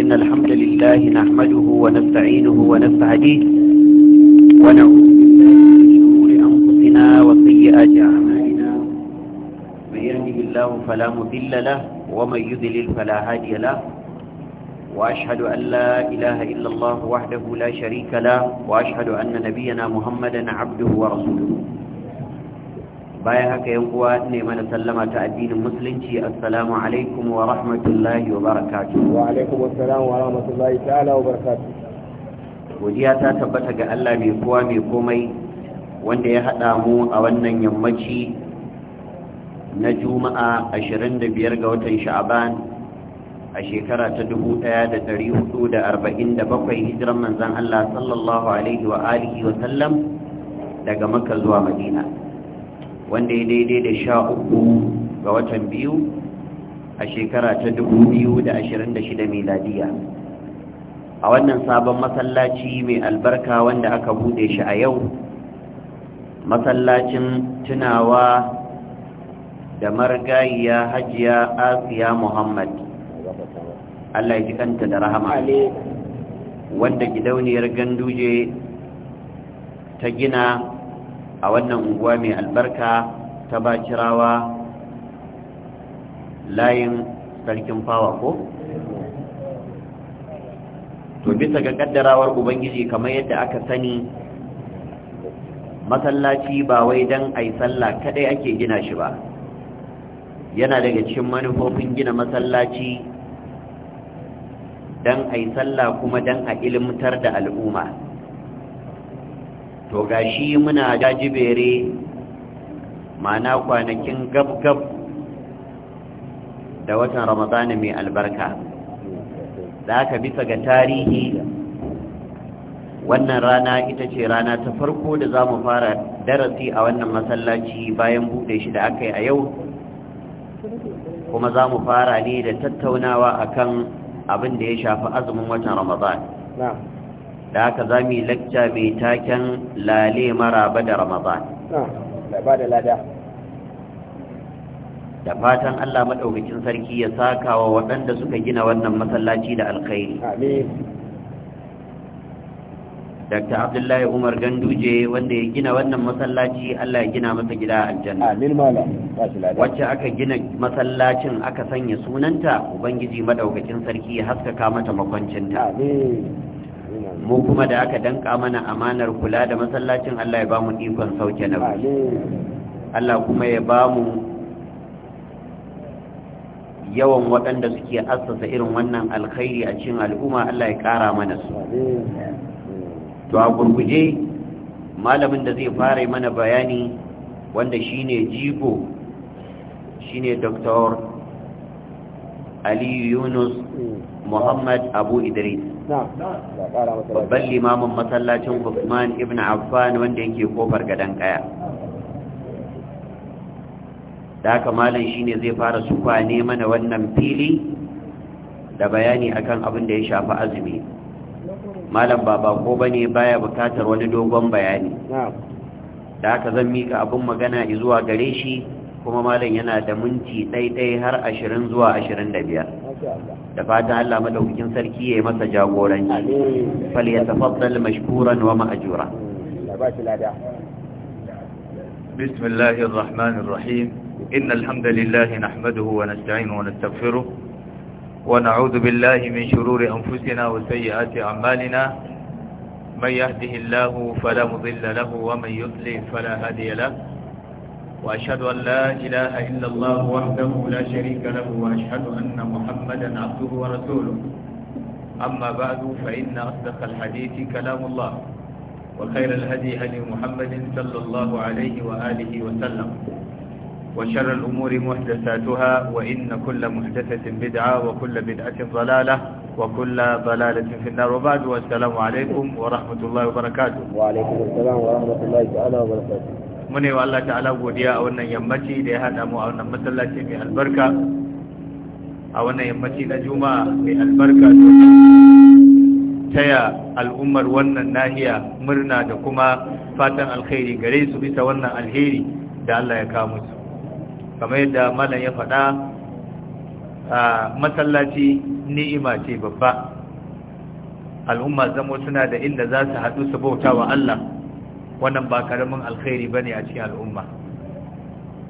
إن الحمد لله نحمده ونستعينه ونستهديه ونعوذ بالله من شرور أنفسنا وسيئات أعمالنا من يهده الله فلا مضل له ومن يضلل فلا هادي له وأشهد أن لا إله إلا الله وحده لا شريك له وأشهد أن نبينا محمدا عبده ورسوله bayan haka yan uwa ne mana sallama ta addinin musulunci assalamu alaikum wa rahmatullahi wa wa alaikum wa rahmatullahi ta'ala wa godiya ta tabbata ga Allah mai kowa mai komai wanda ya hada mu a wannan yammaci na juma'a 25 ga watan sha'aban a shekara ta 1447 hijiran manzon Allah sallallahu alaihi wa alihi wa sallam daga Makka zuwa Madina wanda ya daidai da sha uku ga watan biyu a shekara ta dubu biyu da ashirin da shida miladiya a wannan sabon masallaci mai albarka wanda aka bude shi a yau masallacin tunawa da margayiya hajiya asiya muhammad allah ya ji kanta da rahama wanda gidauniyar ganduje ta gina a wannan unguwa mai albarka ta bakirawa layin sarkin fawa ko to bisa ga kaddarawar ubangiji kamar yadda aka sani masallaci ba wai don a yi sallah kadai ake gina shi ba yana daga cikin manufofin gina masallaci dan a yi sallah kuma dan a ilimtar da al'umma to ga shi muna jajibere ma'ana kwanakin gab-gab da watan ramadana mai albarka da aka bisa ga tarihi wannan rana ita ce rana ta farko da za mu fara darasi a wannan masallaci bayan buɗe shi da aka yi a yau kuma za mu fara ne da tattaunawa akan abin da ya shafi azumin watan ramadana da haka za mu yi lacca mai taken lale maraba da ramadan da fatan Allah maɗaukacin sarki ya saka wa waɗanda suka gina wannan masallaci da alkhairi Dr. Abdullahi Umar Ganduje wanda ya gina wannan masallaci Allah ya gina masa gida a aljanna. Amin Wacce aka gina masallacin aka sanya sunanta Ubangiji madaukakin sarki ya haskaka mata makwancinta. Amin. mu kuma da aka danka mana amanar kula da masallacin Allah ya ba mu ikon sauke na Allah kuma ya ba mu yawan waɗanda suke assasa irin wannan alkhairi a cikin al'umma Allah ya ƙara mana su to a gurguje malamin da zai fara mana bayani wanda shine jigo shine Dr. Ali Yunus mm. Muhammad Abu Idris babban limamin masallacin Uthman ibn Affan wanda yake kofar gadon kaya da haka malam shine zai fara ne mana wannan fili da bayani akan abin da ya shafi azumi malam ba bako ne baya bukatar wani dogon bayani da haka zan mika abin magana zuwa gare shi kuma malam yana da minti ɗaiɗai har ashirin zuwa ashirin da biyar da fatan Allah madaukakin sarki ya yi masa jagoranci fal yatafaddal mashkuran wa ma'jura بسم الله الرحمن الرحيم إن الحمد لله نحمده ونستعينه ونستغفره ونعوذ بالله من شرور أنفسنا وسيئات أعمالنا من يهده الله فلا مضل له ومن يضلل فلا هادي له وأشهد أن لا إله إلا الله وحده لا شريك له وأشهد أن محمدا عبده ورسوله أما بعد فإن أصدق الحديث كلام الله وخير الهدي هدي محمد صلى الله عليه وآله وسلم وشر الأمور محدثاتها وإن كل محدثة بدعة وكل بدعة ضلالة وكل ضلالة في النار وبعد والسلام عليكم ورحمة الله وبركاته وعليكم السلام ورحمة الله تعالى وبركاته mune wa Allah ta'ala godiya a wannan yammaci da ya hada mu a wannan masallaci mai albarka a wannan yammaci na juma'a mai albarka taya al'ummar wannan nahiya murna da kuma fatan alkhairi gare su bisa wannan alheri da Allah ya kawo musu kamar yadda malam ya faɗa a masallaci ni'ima ce babba al'umma zamo suna da inda za su haɗu su bauta wa Allah wannan ba karamin alkhairi bane a cikin al'umma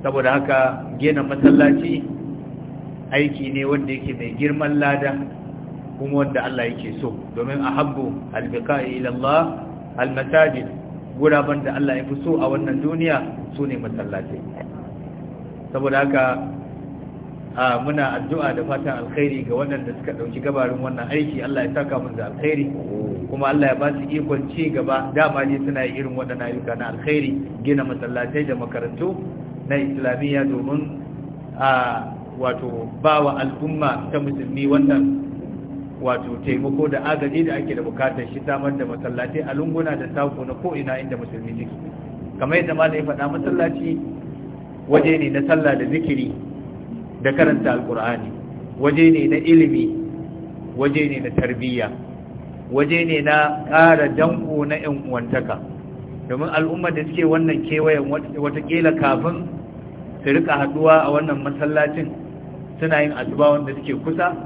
saboda haka gina masallaci aiki ne wanda yake mai girman lada kuma wanda Allah yake so domin ahabbu albiqa'i ila Allah almasajid guraban da Allah ya fi so a wannan duniya sune masallaci saboda haka muna addu'a da fatan alkhairi ga waɗanda suka ɗauki gabarin wannan aiki Allah ya saka mun da alkhairi kuma Allah ya ba su ikon ci gaba dama ne suna yi irin waɗannan ayyuka na alkhairi gina masallatai da makarantu na islamiyya domin a wato ba al'umma ta musulmi wannan wato taimako da agaji da ake da bukatar shi samar da masallatai a lunguna da sako na ko'ina inda musulmi ciki. kamar yadda malai faɗa masallaci waje ne na sallah da zikiri da karanta alkur'ani waje ne na ilimi waje ne na tarbiyya waje ne na ƙara danko na 'yan uwantaka domin al'ummar da suke wannan kewayen watakila kafin su rika haduwa a wannan masallacin suna yin asuba wanda suke kusa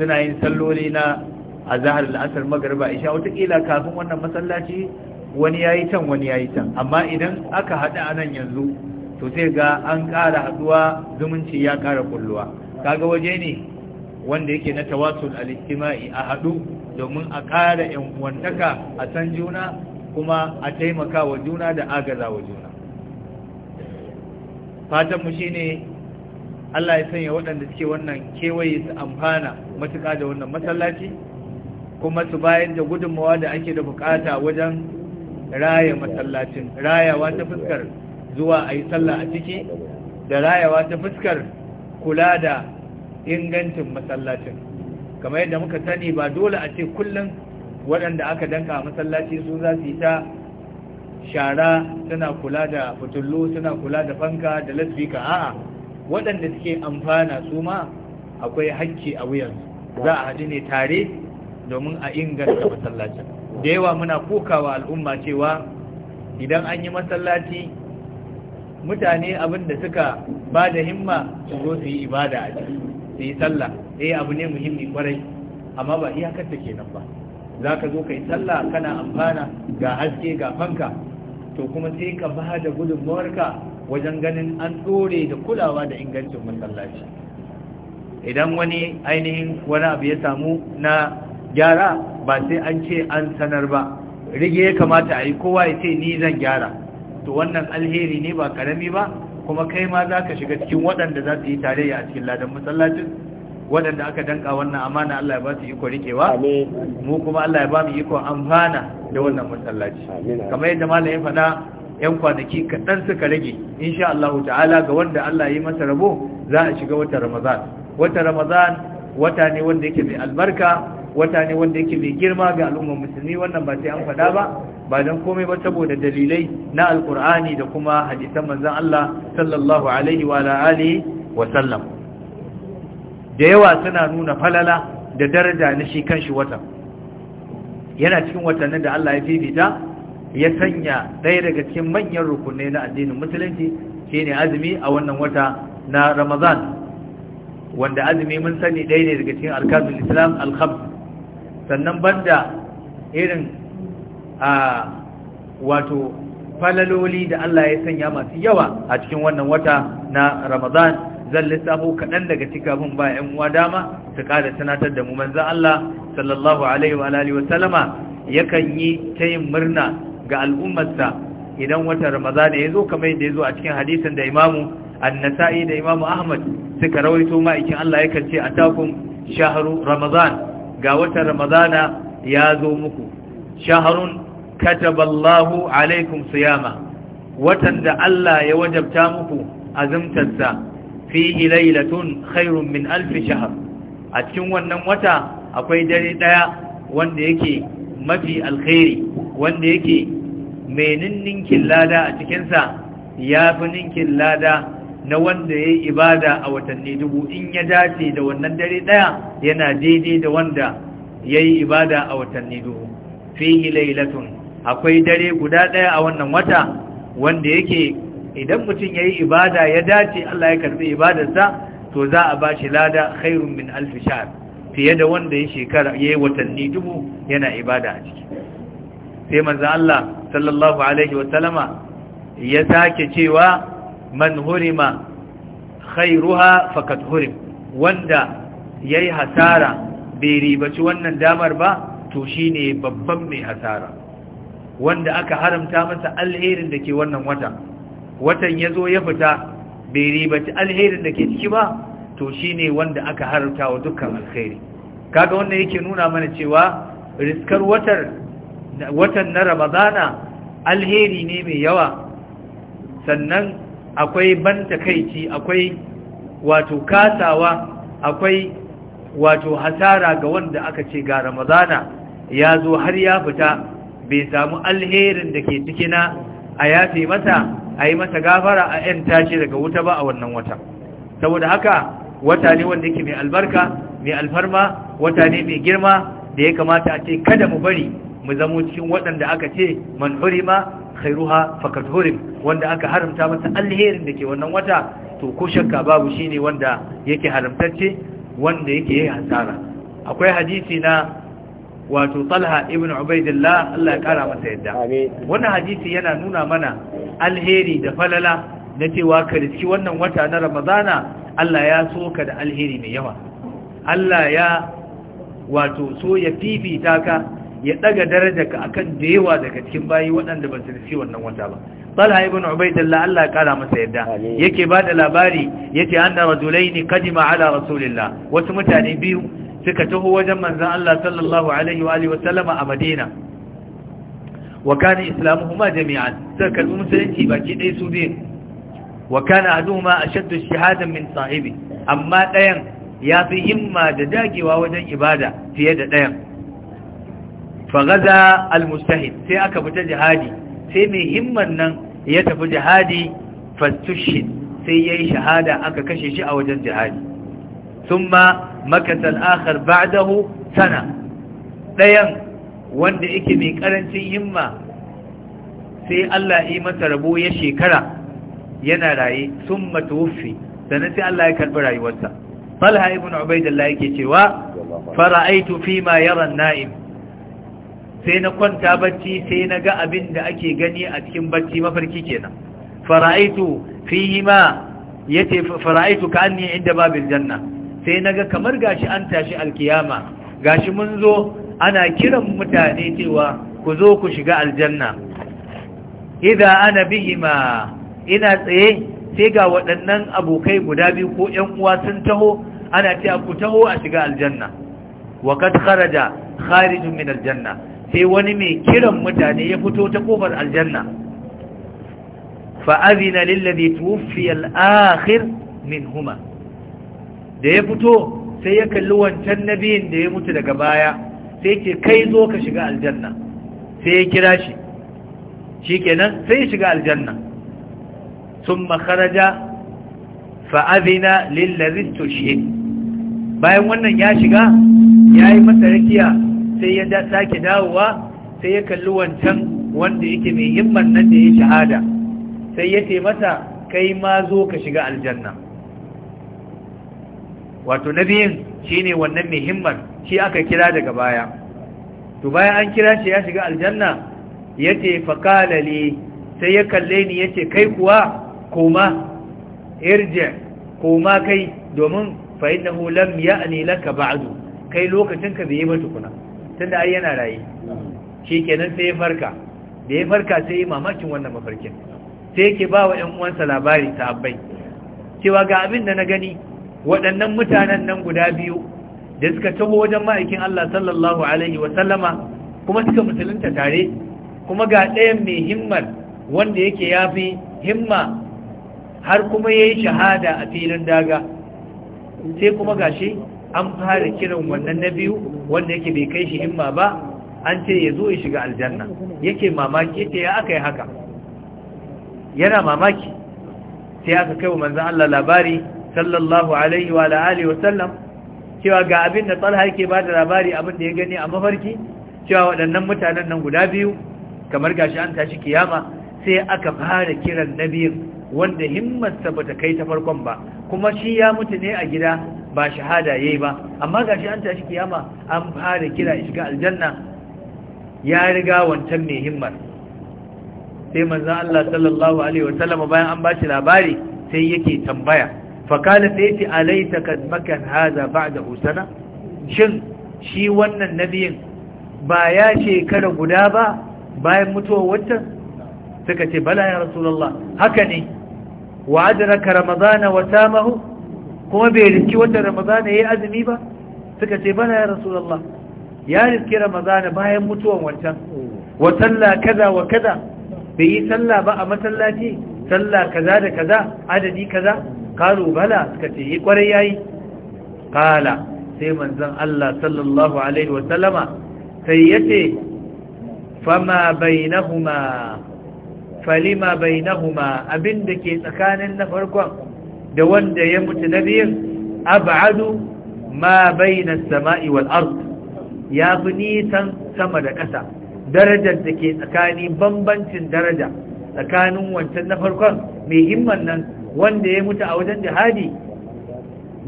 suna yin salloli na a zahar la'asar magarba isha watakila kafin wannan masallaci wani yayi can wani yayi can amma idan aka haɗa a nan yanzu to sai ga an ƙara haɗuwa, zumunci ya ƙara kulluwa kaga waje ne wanda yake na tawasul al-ijtima'i a haɗu domin a ƙara ƴan uwantaka a san juna kuma a taimaka wa juna da agaza wa juna fatan mu shine Allah ya sanya waɗanda suke wannan kewaye su amfana matuƙa da wannan masallaci kuma su bayar da gudunmawa da ake da bukata wajen raya masallacin rayawa ta fuskar zuwa a yi sallah a ciki da rayawa ta fuskar kula da ingancin masallacin kamar yadda muka sani ba dole a ce kullum waɗanda aka danka a masallaci su za su yi ta shara suna kula da fitullu suna kula da fanka da lasfika a'a waɗanda suke amfana su ma akwai hakki a wuyansu za a haɗu ne tare domin a inganta masallacin da yawa muna kokawa al'umma cewa idan an yi masallaci mutane abin da suka ba da himma su zo su yi ibada a ciki su yi sallah e, abu ne muhimmi kwarai amma ba iyakar ta kenan ba za ka zo ka yi sallah kana amfana ga haske ga fanka to kuma sai ka ba da gudunmawarka wajen ganin an tsore da kulawa da ingancin masallaci idan wani ainihin wani abu ya samu na gyara ba sai an ce an sanar ba rige ya kamata a yi kowa ya ce ni zan gyara to wannan alheri ne ba karami ba kuma kai ma za ka shiga cikin waɗanda za su yi tarayya a cikin ladan masallacin waɗanda aka danka wannan amana Allah ya ba su iko riƙewa? mu kuma Allah ya ba mu iko amfana da wannan masallaci kamar yadda malam ya faɗa yan kwanaki kaɗan suka rage insha Allah ta'ala ga wanda Allah ya yi masa rabo za a shiga wata Ramadan wata Ramadan wata ne wanda yake mai albarka wata ne wanda yake mai girma ga al'ummar musulmi wannan ba sai an faɗa ba ba don komai ba saboda dalilai na alkur'ani da kuma hadisan manzan Allah sallallahu alaihi wa alihi wa sallam da yawa suna nuna falala da daraja na shi kanshi watan yana cikin watannin da Allah ya fifita ya sanya ɗaya daga cikin manyan rukunai na addinin musulunci shine azumi a wannan wata na Ramadan wanda azumi mun sani ɗaya ne daga cikin alkazul Islam al sannan banda irin a wato falaloli da Allah ya sanya masu yawa a cikin wannan wata na Ramadan zan lissafo kaɗan daga abin ba ‘yan uwa dama su ƙara sanatar da mu manzan Allah sallallahu Alaihi wa Alaihi yakan yi ta yin murna ga al'ummarsa idan wata Ramadan ya zo kamar yadda ya zo a cikin hadisin da imamu annasa'i da Imam Ahmad suka rawaito ma'aikin Allah yakan ce a takun shaharu Ramadan ga wata Ramadana ya zo muku shaharun kataballahu alaikum siyama watan da Allah ya wajabta muku azumtarsa fihi lailatun khairun min alf shahr a cikin wannan wata akwai dare daya wanda yake mafi alkhairi wanda yake mai ninkin lada a cikinsa ya fi ninkin lada na wanda ya yi ibada a watanni dubu in ya dace da wannan dare daya yana daidai da wanda ya yi ibada a watanni dubu fihi lailatun akwai dare guda ɗaya a wannan wata wanda yake idan mutum ya yi ibada ya dace Allah ya karbi ibadarsa to za a ba shi lada khairun min alfi sha'ar fiye da wanda ya shekara ya yi watanni dubu yana ibada a ciki sai manzo Allah sallallahu alaihi wa sallama ya sake cewa man hurima khairuha faqad hurim wanda yayi hasara bai ribaci wannan damar ba to shine babban mai hasara wanda aka haramta masa alherin da ke wannan wata watan ya zo ya fita bai ribaci alherin da ke ciki ba to shi ne wanda aka haramta wa dukkan alheri kaga wannan yake nuna mana cewa riskar watan na ramadana alheri ne mai yawa sannan akwai ban takaici, akwai wato kasawa akwai wato hasara ga wanda aka ce ga ramadana ya zo har ya fita bai samu alherin da ke cikina a yafe mata a yi mata gafara a ‘yan tashi daga wuta ba a wannan wata saboda haka wata ne wanda yake mai albarka mai alfarma wata ne mai girma da ya kamata a ce kada mu bari mu zamo cikin waɗanda aka ce man hurima khairuha fakat hurim wanda aka haramta masa alherin da ke wannan wata to ko shakka babu shine wanda yake haramtacce wanda yake yin hasara akwai hadisi na wato talha ibn ubaidillah Allah ya kara masa yadda wannan hadisi yana nuna mana alheri da falala na cewa ka riski wannan wata na ramadana Allah ya so ka da alheri mai yawa Allah ya wato so ya fifita ka ya daga ka akan da yawa daga cikin bayi waɗanda ba su riski wannan wata ba talha ibn ubaidillah Allah ya kara masa yadda yake ba da labari yace anna rajulaini qadima ala rasulillah wasu mutane biyu suka taho wajen manzan Allah sallallahu alaihi wa alihi wasallama a Madina wa kana islamuhuma jami'an suka karbi musulunci baki ɗaya su biyu wa kana aduhuma ashaddu shahadan min sahibi amma ɗayan ya fi himma da dagewa wajen ibada fiye da ɗayan fa gaza almustahid sai aka fita jihadi sai mai himman nan ya tafi jihadi fastushid sai yayi shahada aka kashe shi a wajen jihadi thumma makasa al-akhar ɗayan sana dayan wanda yake mai karancin himma sai Allah yi masa rabo ya shekara yana raye thumma tuwfi sannan sai Allah ya karbi rayuwarsa Talha ibn Ubaidillah yake cewa fara'aitu fima yara an-na'im sai na kwanta bacci sai na ga abin da ake gani a cikin bacci mafarki kenan fara'aitu fihi ma inda babil janna sai naga kamar gashi an tashi alkiyama gashi mun zo ana kiran mutane cewa ku zo ku shiga aljanna idza ana bihima ina tsaye sai ga waɗannan abokai guda biyu ko ƴan uwa sun taho ana cewa ku taho a shiga aljanna wa kad kharaja kharijun min aljanna sai wani mai kiran mutane ya fito ta kofar aljanna fa azina lil ladhi tuwfiya al akhir minhuma da ya fito sai ya kalli wancan nabiyin da ya mutu daga baya sai ke kai zo ka shiga aljanna sai ya kira shi shikenan sai ya shiga aljanna summa kharaja fa adina shi bayan wannan ya shiga yayi masa rakiya sai ya sake dawowa sai ya kalli wancan wanda yake mai himman nan da ya shahada sai ya ce mata kai ma zo ka shiga aljanna wato na biyun shi ne wannan mai himmar shi aka kira daga baya to bayan an kira shi ya shiga aljanna ya ce fakalali sai ya kalle ni ce, kai kuwa koma irje koma kai domin fa innahu lam ya'ni laka baadu kai lokacin ka bai ba tukuna tunda ai yana raye. shi kenan sai ya farka da ya farka sai ya mamakin wannan mafarkin sai yake ba wa ‘yan uwansa labari ta abai. cewa ga abin da na gani waɗannan mutanen nan guda biyu da suka taho wajen ma'aikin Allah sallallahu alaihi wa kuma suka musulunta tare kuma ga ɗayan mai himmar wanda yake fi himma har kuma yayi shahada a filin daga sai kuma gashi an fara kiran wannan na biyu wanda yake bai kai shi himma ba an ce ya zo ya shiga aljanna yake mamaki yake ya aka yi haka yana mamaki sai aka kai wa manzan Allah labari sallallahu alaihi wa alihi wa sallam cewa ga abin da Talha yake ba da labari abin da ya gani a mafarki cewa waɗannan mutanen nan guda biyu kamar gashi an tashi kiyama sai aka fara kiran nabiyin wanda himmarsa bata kai ta farkon ba kuma shi ya mutu ne a gida ba shahada yayi ba amma gashi an tashi kiyama an fara kira shiga aljanna ya riga wancan mai himmar sai manzon Allah sallallahu alaihi wasallam bayan an bashi labari sai yake tambaya da ya ce alaita kad makan haza ba'da usana shin shi wannan nabiyin ba ya shekara guda ba bayan mutuwar wancan suka ce bala ya rasulallah. haka ne wa adraka ramadana wa samahu kuma bai riski watan ramadana yayi azumi ba suka ce bala ya rasulallah. ya riski ramadana bayan mutuwar wancan wa sallah kaza wa kaza bai yi sallah ba a masallaci sallah kaza da kaza adadi kaza kalu bala suka ce yi kwarai yayi kala sai manzon Allah sallallahu alaihi wa sallama sai yace fama bainahuma falima bainahuma abinda ke tsakanin na farkon da wanda ya mutu na biyun ab'adu ma bainas sama'i wal ard ya fi nisan sama da ƙasa darajar da ke tsakani bambancin daraja tsakanin wancan na farkon mai himman nan wanda ya mutu a wajen jihadi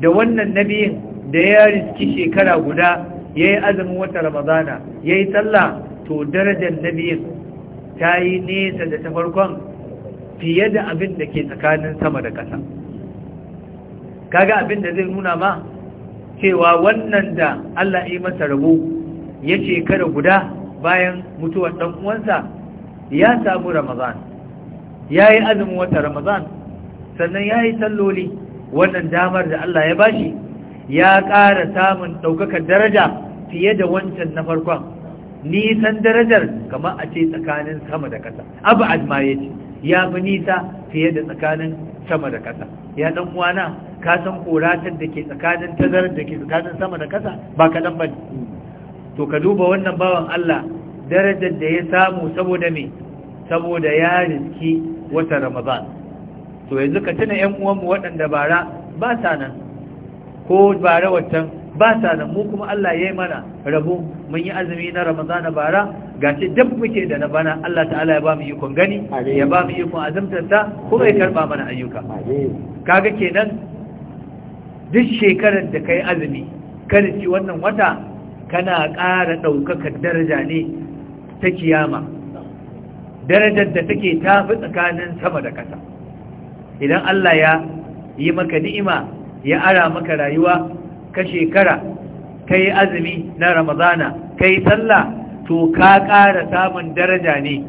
da wannan nabiyin da ya riski shekara guda ya yi azumin wata ramadana ya yi sallah to darajar nabiyin ta yi nesa da ta farkon fiye da abin da ke tsakanin sama da ƙasa kaga abin da zai nuna ma cewa wannan da Allah yi masa rabo ya shekara guda bayan mutuwar ɗan uwansa ya samu Ramadana ya yi azumin wata ramadan sannan ya yi salloli wannan damar da Allah ya bashi ya ƙara samun ɗaukakar daraja fiye da wancan na farkon nisan darajar kamar a ce tsakanin sama da ƙasa abu ma ya ce ya fi nisa fiye da tsakanin sama da ƙasa ya ɗan uwana ka san koratar da ke tsakanin tazarar da ke tsakanin sama da ƙasa ba kaɗan ba to ka duba wannan bawan Allah darajar da ya samu saboda me saboda ya riski wata ramadan to yanzu ka tuna ƴan uwanmu waɗanda bara ba sa nan ko bara ba sa nan mu kuma Allah ya yi mana rabo mun yi azumi na Ramadana bara Ga ce duk muke da na bana Allah ta'ala ya ba mu ikon gani ya ba mu ikon azumtarsa kuma ya karba mana ayyuka kaga kenan duk shekarar da kai azumi kada ci wannan wata kana ƙara ɗaukakar daraja ne ta kiyama darajar da take tafi tsakanin sama da ƙasa idan Allah ya yi maka ni'ima ya ara maka rayuwa ka shekara ka yi azumi na ramadana ka yi sallah to ka ƙara samun daraja ne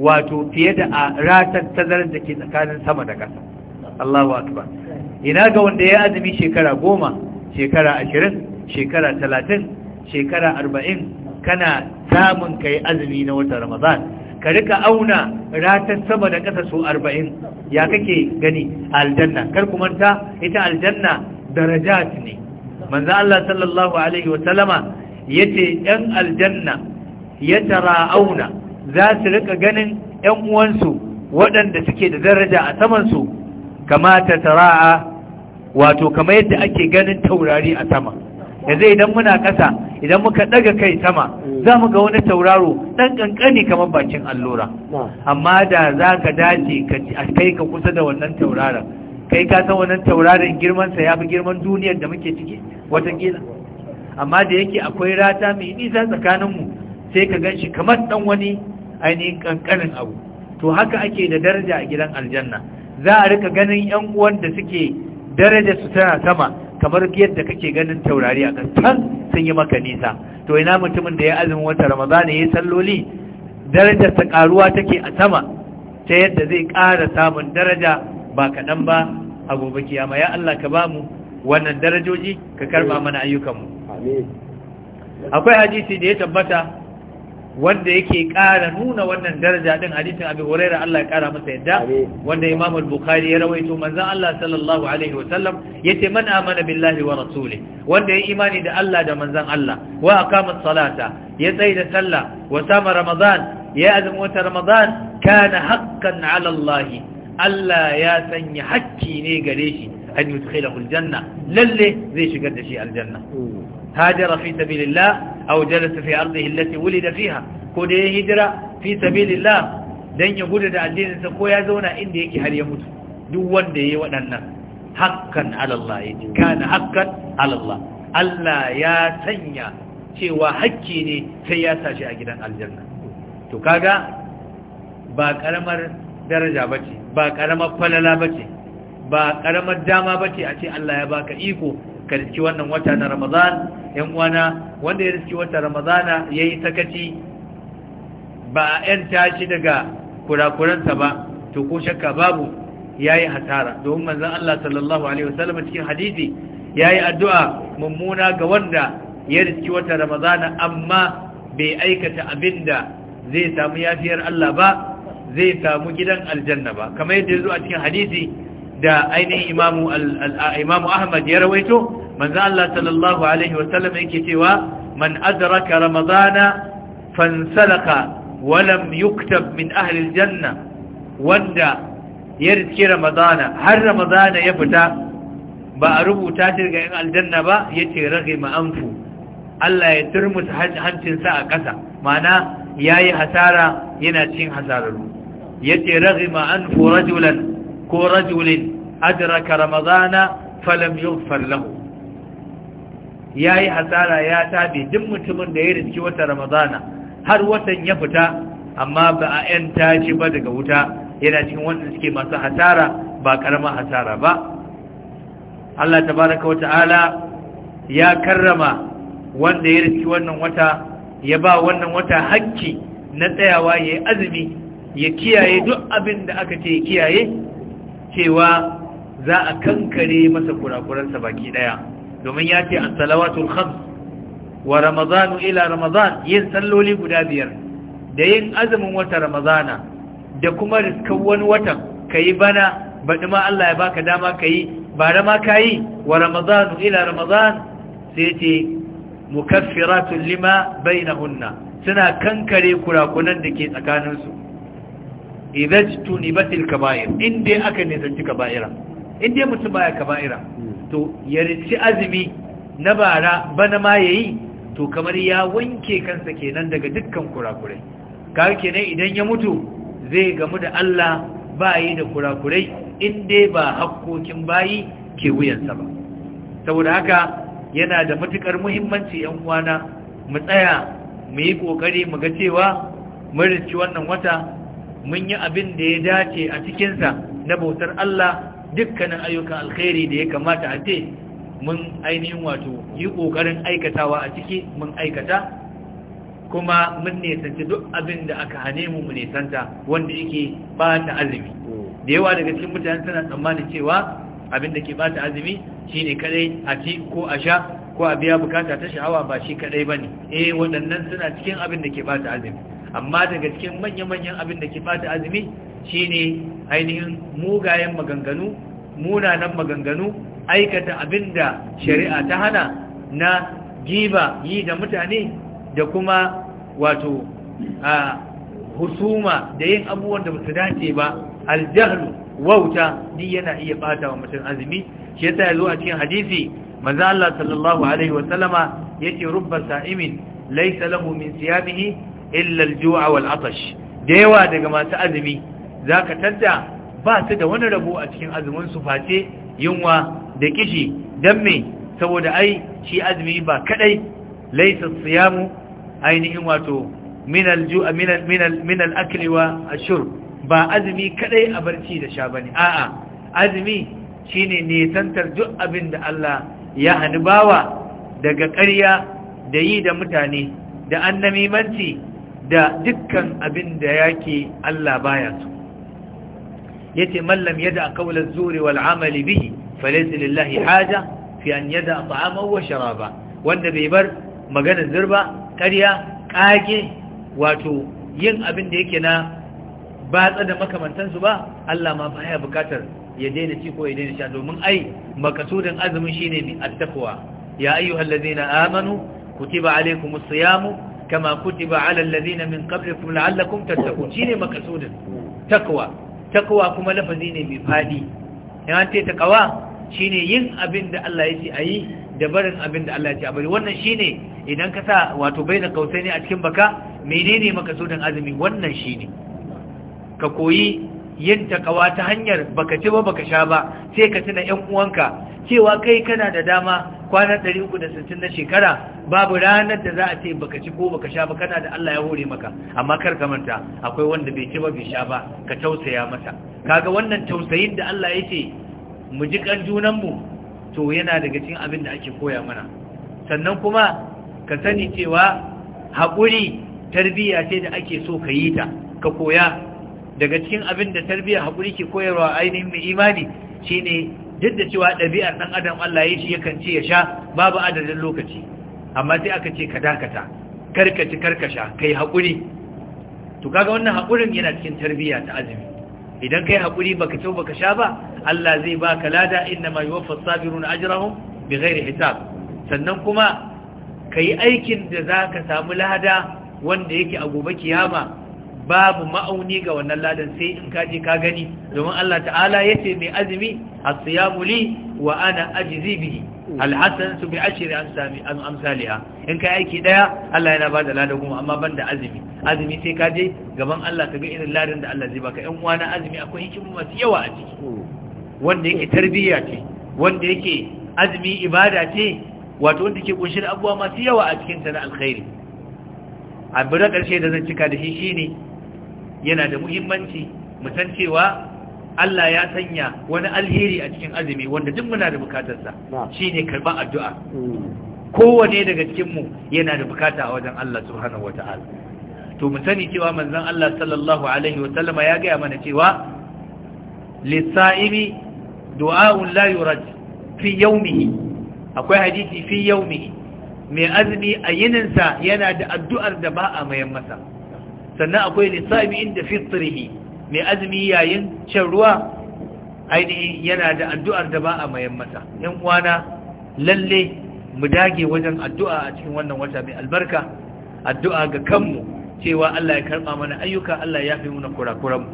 wato fiye da a ratar tazarar da ke tsakanin sama da ƙasa Allahu akbar ina ga wanda ya azumi shekara goma shekara ashirin shekara talatin shekara arba'in kana samun ka yi azumi na watan Ramadana. ka rika auna ratar sama da ƙasa so arba'in ya kake gani aljanna kar kuma ita aljanna darajat ne manzo Allah sallallahu alaihi wa sallama yace yan aljanna ya auna za su rika ganin yan uwansu waɗanda suke da daraja a saman su kama ta tara'a wato kamar yadda ake ganin taurari a sama yanzu idan muna kasa, idan muka ɗaga kai sama hmm. za mu ga wani tauraro ɗan ƙanƙani kamar bakin allura amma da za ka dace a kai ka kusa da wannan tauraron kai ka san wannan tauraron girmansa ya fi girman duniyar da muke ciki watakila amma da yake akwai rata mai nisa tsakaninmu sai ka gan shi kamar ɗan wani ainihin ƙanƙanin abu to haka ake da daraja a gidan aljanna za a rika ganin 'yan uwan da suke daraja su tana sama kamar yadda kake ganin taurari a kan sun yi maka nisa to ina mutumin da ya azumin wata ramadana ya salloli darajar ta karuwa take a sama ta yadda zai ƙara samun daraja ba kaɗan ba a gobe kiyama ya Allah ka bamu wannan darajoji ka karba mana ayyukanmu akwai hadisi da ya tabbata wanda yake ƙara nuna wannan daraja din hadisin Abi huraira Allah ya ƙara masa yadda wanda Imam al-Bukhari ya rawaito manzon Allah sallallahu alaihi wasallam yace man amana billahi wa rasuli wanda ya imani da Allah da manzon Allah wa aqama salata ya tsaya da sallah wa sama ramadan ya azumi wata ramadan kana haqqan ala Allah Allah ya sanya hakki ne gare shi an yudkhilahu janna lalle zai shigar da shi aljanna hmm. هاجر في سبيل الله أو جلس da أرضه التي ولد فيها كده هجرة في سبيل الله dan ya gudu da addininsa ko ya zauna inda yake har ya mutu duk wanda ya yayi waɗannan hakan alallah yace kana hakkan alallah Allah ya sanya cewa hakki ne sai ya sashi a gidan aljanna to kaga ba karamar daraja bace ba karamar falala bace ba karamar dama bace a ce Allah ya baka iko ka wannan wata na ramadan yan uwana wanda ya riski wata ramadana ya yi sakaci ba a yan tashi daga kurakuransa ba to ko shakka babu ya yi hasara domin manzan Allah sallallahu alaihi wasallam cikin hadisi ya yi addu'a mummuna ga wanda ya riski wata ramadana amma bai aikata abin da zai samu yafiyar Allah ba zai samu gidan aljanna ba kamar yadda ya zo a cikin hadisi da ainihin imamu imamu ahmad ya rawaito manzo Allah sallallahu alaihi sallam yake cewa man adraka ramadana fansalaka wa lam yuktab min ahli janna. wanda ya riski ramadana har ramadana ya fita ba a rubuta shi ga yan aljanna ba yace rage ma'anfu Allah ya turmuta hancinsa a ƙasa ma'ana yayi hasara yana cin hasararru yace rage ma'anfu rajulan ko rajulin adraka ramadana falam yughfar lahu yayi hasara ya tabe duk mutumin da ya riski wata ramadana har watan ya fita amma ba a yanta shi ba daga wuta yana cikin wanda suke masu hasara ba karama hasara ba Allah tabaraka wa ta'ala ya karrama wanda ya riski wannan wata ya ba wannan wata hakki na tsayawa yayi azumi ya kiyaye duk abin da aka ce kiyaye cewa za a kankare masa kurakuransa baki daya domin ya ce as khams wa ramadanu ila ramadan yin salloli guda biyar da yin azumin wata ramadana da kuma riskan wani watan kayi bana baɗi ma Allah ya baka dama kayi ba da ma kayi wa ramadanu ila ramadan sai ce mukaffiratun lima bainahunna suna kankare kurakunan da ke tsakaninsu idan tuni batil kaba'ir in dai aka nisanci kaba'ira in dai mutum baya kaba'ira to ya rici azumi na bara bana ma yayi to kamar ya wanke kansa kenan daga dukkan kurakurai kaga kenan idan ya mutu zai gamu da Allah ba yi da kurakurai in dai ba hakkokin bayi ke wuyansa ba saboda haka yana da matukar muhimmanci yan uwana mu tsaya mu yi kokari mu ga cewa mun rici wannan wata mun yi abin da ya dace a cikinsa na bautar Allah dukkanin ayyukan alkhairi da ya kamata a ce mun ainihin wato yi ƙoƙarin aikatawa a ciki mun aikata kuma mun nesanci duk abin da aka hane mu mu nesanta wanda yake bata azumi da yawa daga cikin mutane suna tsammanin cewa abin da ke bata azumi shine kadai a ci ko a sha ko a biya bukata ta sha'awa ba shi kadai bane eh waɗannan suna cikin abin da ke bata azumi amma daga cikin manya-manyan abin da ke bata azumi shine ainihin mugayen maganganu munanan maganganu aikata abin da shari'a ta hana na giba yi da mutane da kuma wato a husuma da yin abubuwan da su dace ba aljahlu wauta ni yana iya bata wa mutum azumi shi yasa yazo a cikin hadisi manzo Allah sallallahu alaihi wa sallama yace rubba sa'imin laysa lahu min siyamihi Illar al-ju'a wal atash da yawa daga masu azumi zaka tadda ba su da wani rabo a cikin azumin su face yunwa da kishi dan me saboda ai shi azumi ba kadai laysa siyamu ainihin wato min al-ju'a min al min al wa ba azumi kadai a barci da sha bane a'a azumi shine ne tantar duk abin da Allah ya hanibawa daga ƙarya da yi da mutane da annamimanci da dukkan abin da yake Allah baya su yace mallam yada qawl az-zuri wal amali bihi falaysa lillahi haja fi an yada ta'amahu wa sharaba wanda bai bar magana zurba karya, kage wato yin abin da yake na batsa da su ba Allah ma baya bukatar ya daina ci ko ya daina sha domin ai makasudin azumin shine ne at-taqwa ya ayyuhallazina amanu kutiba alaykumus siyamu kama kutiba ala allazina min qablikum la'allakum tattaqun shine makasudin takwa takwa kuma lafazi ne mai fadi in an ce takwa shine yin abin da Allah ya ce ayi da barin abin da Allah ya ce a bari wannan shine idan ka sa wato bai da ne a cikin baka menene makasudin azumi wannan shine ka koyi yin takawa ta hanyar baka ci ba baka sha ba sai ka tuna yan uwanka cewa kai kana da dama kwana 360 na shekara babu ranar da za a ce baka ci ko baka sha ba kana da Allah ya hore maka amma kar ka manta akwai wanda bai ci ba bai sha ba ka tausaya masa kaga wannan tausayin da Allah ya ce mu ji kan junan mu to yana daga cikin abin da ake koya mana sannan kuma ka sani cewa haƙuri tarbiyya ce da ake so ka yi ta ka koya daga cikin abin da tarbiyyar haƙuri ke koyarwa ainihin mai imani shine duk cewa ɗabi'ar ɗan adam Allah ya shi yakan ci ya sha babu adadin lokaci amma sai aka ce ka dakata karkaci karkasha kai haƙuri to kaga wannan haƙurin yana cikin tarbiyya ta azumi idan kai haƙuri baka ci baka sha ba Allah zai baka lada inna ma yuwaffas sabiruna ajrahum bighairi hisab sannan kuma kai aikin da zaka samu lada wanda yake a gobe kiyama babu ma'auni ga wannan ladan sai in ka ka gani domin Allah ta'ala yace mai azumi a siyamu li wa ana ajzi bihi al-hasanatu bi ashri amsami an amsalha in ka aiki daya Allah yana bada ladan kuma amma da azumi azumi sai ka gaban Allah ka ga irin ladan da Allah zai baka ƴan uwa na azumi akwai hikima masu yawa a ciki wanda yake tarbiyya ce wanda yake azumi ibada ce wato wanda ke kunshin abubuwa masu yawa a cikin ta na alkhairi abu na ƙarshe da zan cika da shi shine yana da muhimmanci mu san cewa Allah ya sanya wani alheri a cikin azumi wanda duk muna da bukatarsa ne karban addu'a hmm. kowane daga cikin mu yana da bukata a wajen Allah subhanahu wataala to mu sani cewa manzan Allah sallallahu alaihi wa sallama ya gaya mana cewa lisaimi du'a'un la fi yawmihi akwai hadisi fi yawmihi mai azumi a yininsa yana da addu'ar da ba a mayan masa sannan akwai nisabi inda fitrihi mai azumi yayin shan ruwa ainihin yana da addu'ar da ba a mayan mata yan uwana lalle mu dage wajen addu'a a cikin wannan wata mai albarka addu'a ga kanmu cewa Allah ya karba mana ayyuka Allah ya yafe mana kurakuran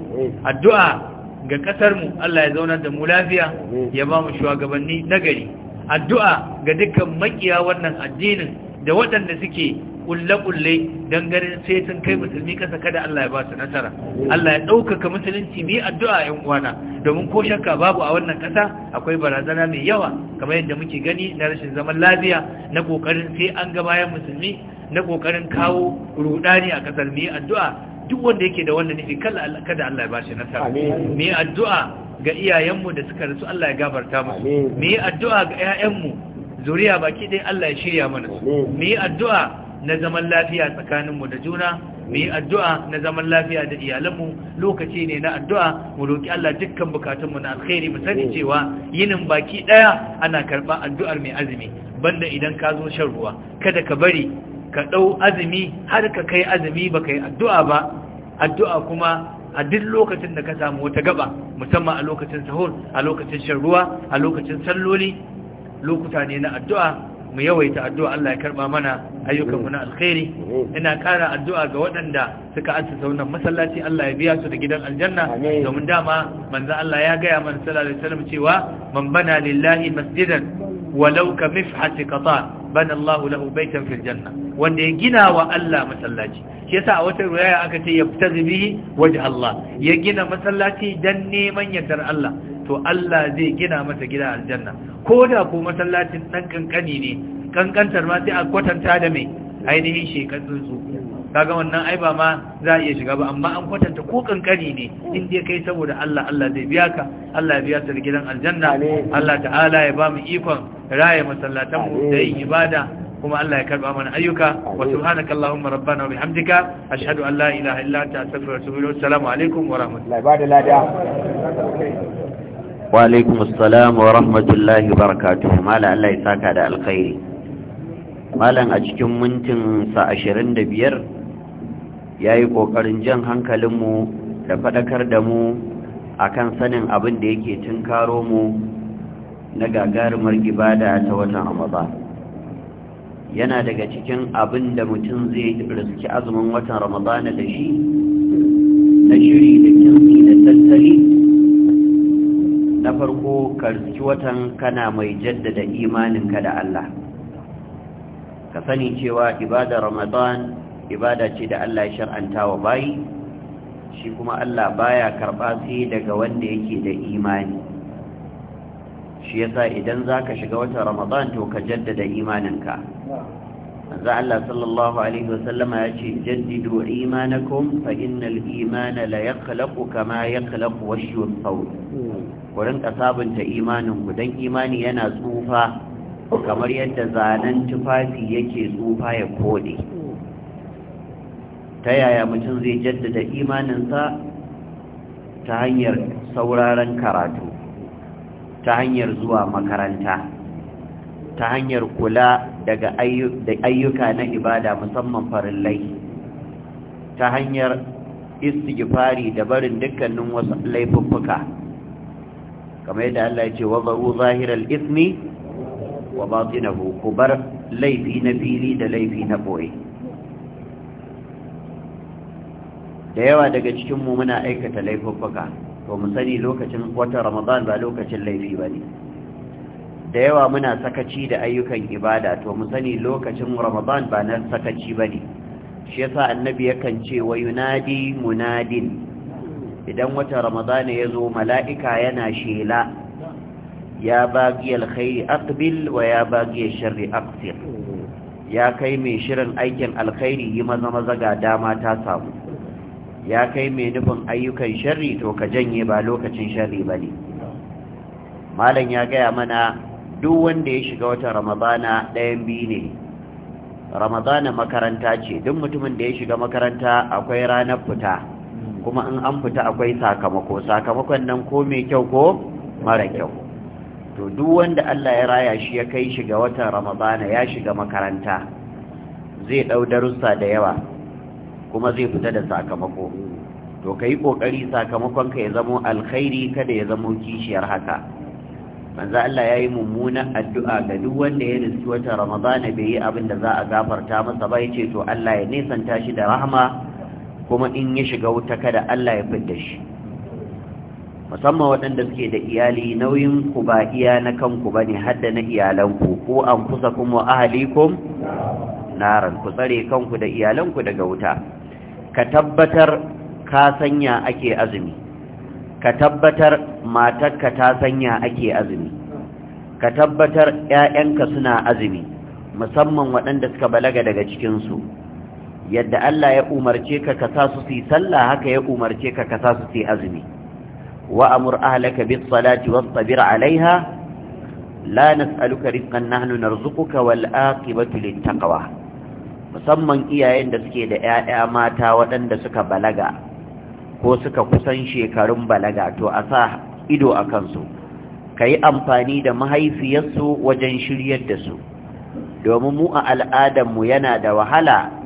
addu'a ga ƙasarmu Allah ya zauna da mu lafiya ya ba mu shugabanni nagari addu'a ga dukkan makiya wannan addinin da waɗanda suke ƙulle-ƙulle don ganin sai sun kai musulmi ƙasa kada Allah ya ba su nasara Allah ya ɗaukaka musulunci mai addu'a ‘yan uwana domin ko shakka babu a wannan ƙasa akwai barazana mai yawa kamar yadda muke gani na rashin zaman lafiya na ƙoƙarin sai an ga bayan musulmi na ƙoƙarin kawo ruɗani a ƙasar mai addu'a duk wanda yake da wannan nufi kada Allah ya bashi nasara Mai addu'a ga iyayenmu da suka rasu Allah ya gafarta musu mu yi addu'a ga 'ya'yanmu zuriya baki dai Allah ya shirya mana mu yi addu'a na zaman lafiya tsakaninmu da juna mu yi addu'a na zaman lafiya da iyalanmu lokaci ne na addu'a mu roki Allah dukkan bukatunmu na alkhairi mu sani cewa yinin baki daya ana karba addu'ar mai azumi banda idan ka zo shan ruwa kada ka bari ka dau azumi har ka kai azumi baka yi addu'a ba addu'a kuma a duk lokacin da ka samu wata gaba musamman a lokacin sahur a lokacin shan ruwa a lokacin salloli lokuta ne na addu'a mu yawaita addu'a Allah ya karɓa mana ayyukanmu na alkhairi ina ƙara addu'a ga waɗanda suka assasa wannan masallaci Allah ya biya su da gidan aljanna domin dama manzo Allah ya gaya mana sallallahu alaihi wasallam cewa man bana lillahi masjidan walau ka mifhati qata bana Allah lahu baytan fil janna wanda ya gina wa Allah masallaci shi yasa a wata riwaya aka ce yaftazi bihi wajh Allah ya gina masallaci dan neman yardar Allah to Allah zai gina mata gida aljanna ko da ko masallacin dan kankani ne kankantar ma sai a kwatanta da mai ainihin shekatsun su kaga wannan ai ba ma za a iya shiga ba amma an kwatanta ko kankani ne in dai kai saboda Allah Allah zai biya ka Allah ya biya ta da gidan aljanna Allah ta'ala ya ba mu ikon raye masallatan mu da yin ibada kuma Allah ya karba mana ayyuka wa subhanaka allahumma rabbana wa bihamdika ashhadu an la ilaha illa anta astaghfiruka wa atubu ilaik assalamu alaikum wa rahmatullahi wa barakatuh wa alaikum assalam wa rahmatullahi barakatuhu mala Allah ya saka da alkhairi malam a cikin mintin sa 25 yayi kokarin jan hankalin mu da fadakar da mu akan sanin abin da yake tunkaro mu na gagarumar ibada ta wannan Ramadan yana daga cikin abin da mutum zai riski azumin watan Ramadan da shi na shiri da kinsi da tattali na farko karki watan kana mai jaddada imaninka da Allah ka sani cewa ibada ramadan ibada ce da Allah ya shar'anta wa bayi shi kuma Allah baya karba sai daga wanda yake da imani shi yasa idan zaka shiga watan ramadan to ka jaddada imaninka za Allah sallallahu alaihi wasallama ya ce jaddidu imanakum fa innal imana la yakhlaqu kama yakhlaqu washu thawb ku rinka sabunta imanin ku dan imani yana tsufa kamar yadda zanen tufafi yake tsufa ya kode ta yaya mutum zai jaddada imaninsa ta hanyar sauraron karatu ta hanyar zuwa makaranta ta hanyar kula daga ayyuka na ibada musamman farin lai ta hanyar istighfari da barin dukkanin wasu laifuffuka kamar yadda Allah ya ce wa zaru zahiral ismi wa batinahu ku bar laifi na fili da laifi na boye da yawa daga cikin mu muna aikata laifuffuka to mu sani lokacin wata ramadan ba lokacin laifi bane da yawa muna sakaci da ayyukan ibada to mu sani lokacin ramadan ba na sakaci bane shi yasa annabi yakan ce wa yunadi munadin idan wata ramadan ya zo mala'ika yana shela ya baqi alkhairi aqbil wa ya baqi sharri aqsir ya kai mai shirin aikin alkhairi yi maza maza ga dama ta samu ya kai mai nufin ayyukan sharri to ka janye ba lokacin sharri bane malam ya gaya mana duk wanda ya shiga watan ramadana ɗayan biyu ne ramadana makaranta ce duk mutumin da ya shiga makaranta akwai ranar fita kuma in an fita akwai sakamako sakamakon nan ko mai kyau ko mara kyau to duk wanda Allah ya raya shi ya kai shiga watan ramadana ya shiga makaranta zai ɗau darussa da yawa kuma zai fita da sakamako to ka yi ƙoƙari sakamakonka ya zamo alkhairi kada ya zamo kishiyar haka manzo Allah yayi mummuna addu'a ga duk wanda ya riski wata ramadana bai yi abin da za a gafarta masa ba yace to Allah ya nisanta shi da rahama kuma in ya shiga wuta kada Allah ya fidda shi musamman waɗanda suke da iyali nauyin ku ba iya na kanku bane da na iyalanku ko an kusa kuma ahlikum naran ku tsare kanku da iyalanku daga wuta ka tabbatar ka sanya ake azumi ka tabbatar matarka ta sanya ake azumi ka tabbatar ƴaƴanka suna azumi musamman waɗanda suka balaga daga cikinsu yadda Allah ya umarce ka ka sa su yi sallah haka ya umarce ka ka sa su yi azumi wa amur ahlaka bis salati wastabir alaiha la nas'aluka rizqan nahnu narzuquka wal aqibatu lit taqwa musamman iyayen da suke da ƴaƴa mata waɗanda suka balaga ko suka kusan shekarun balaga to a sa ido a kansu ka yi amfani da mahaifiyarsu wajen shiryar da su domin mu a al'adarmu yana da wahala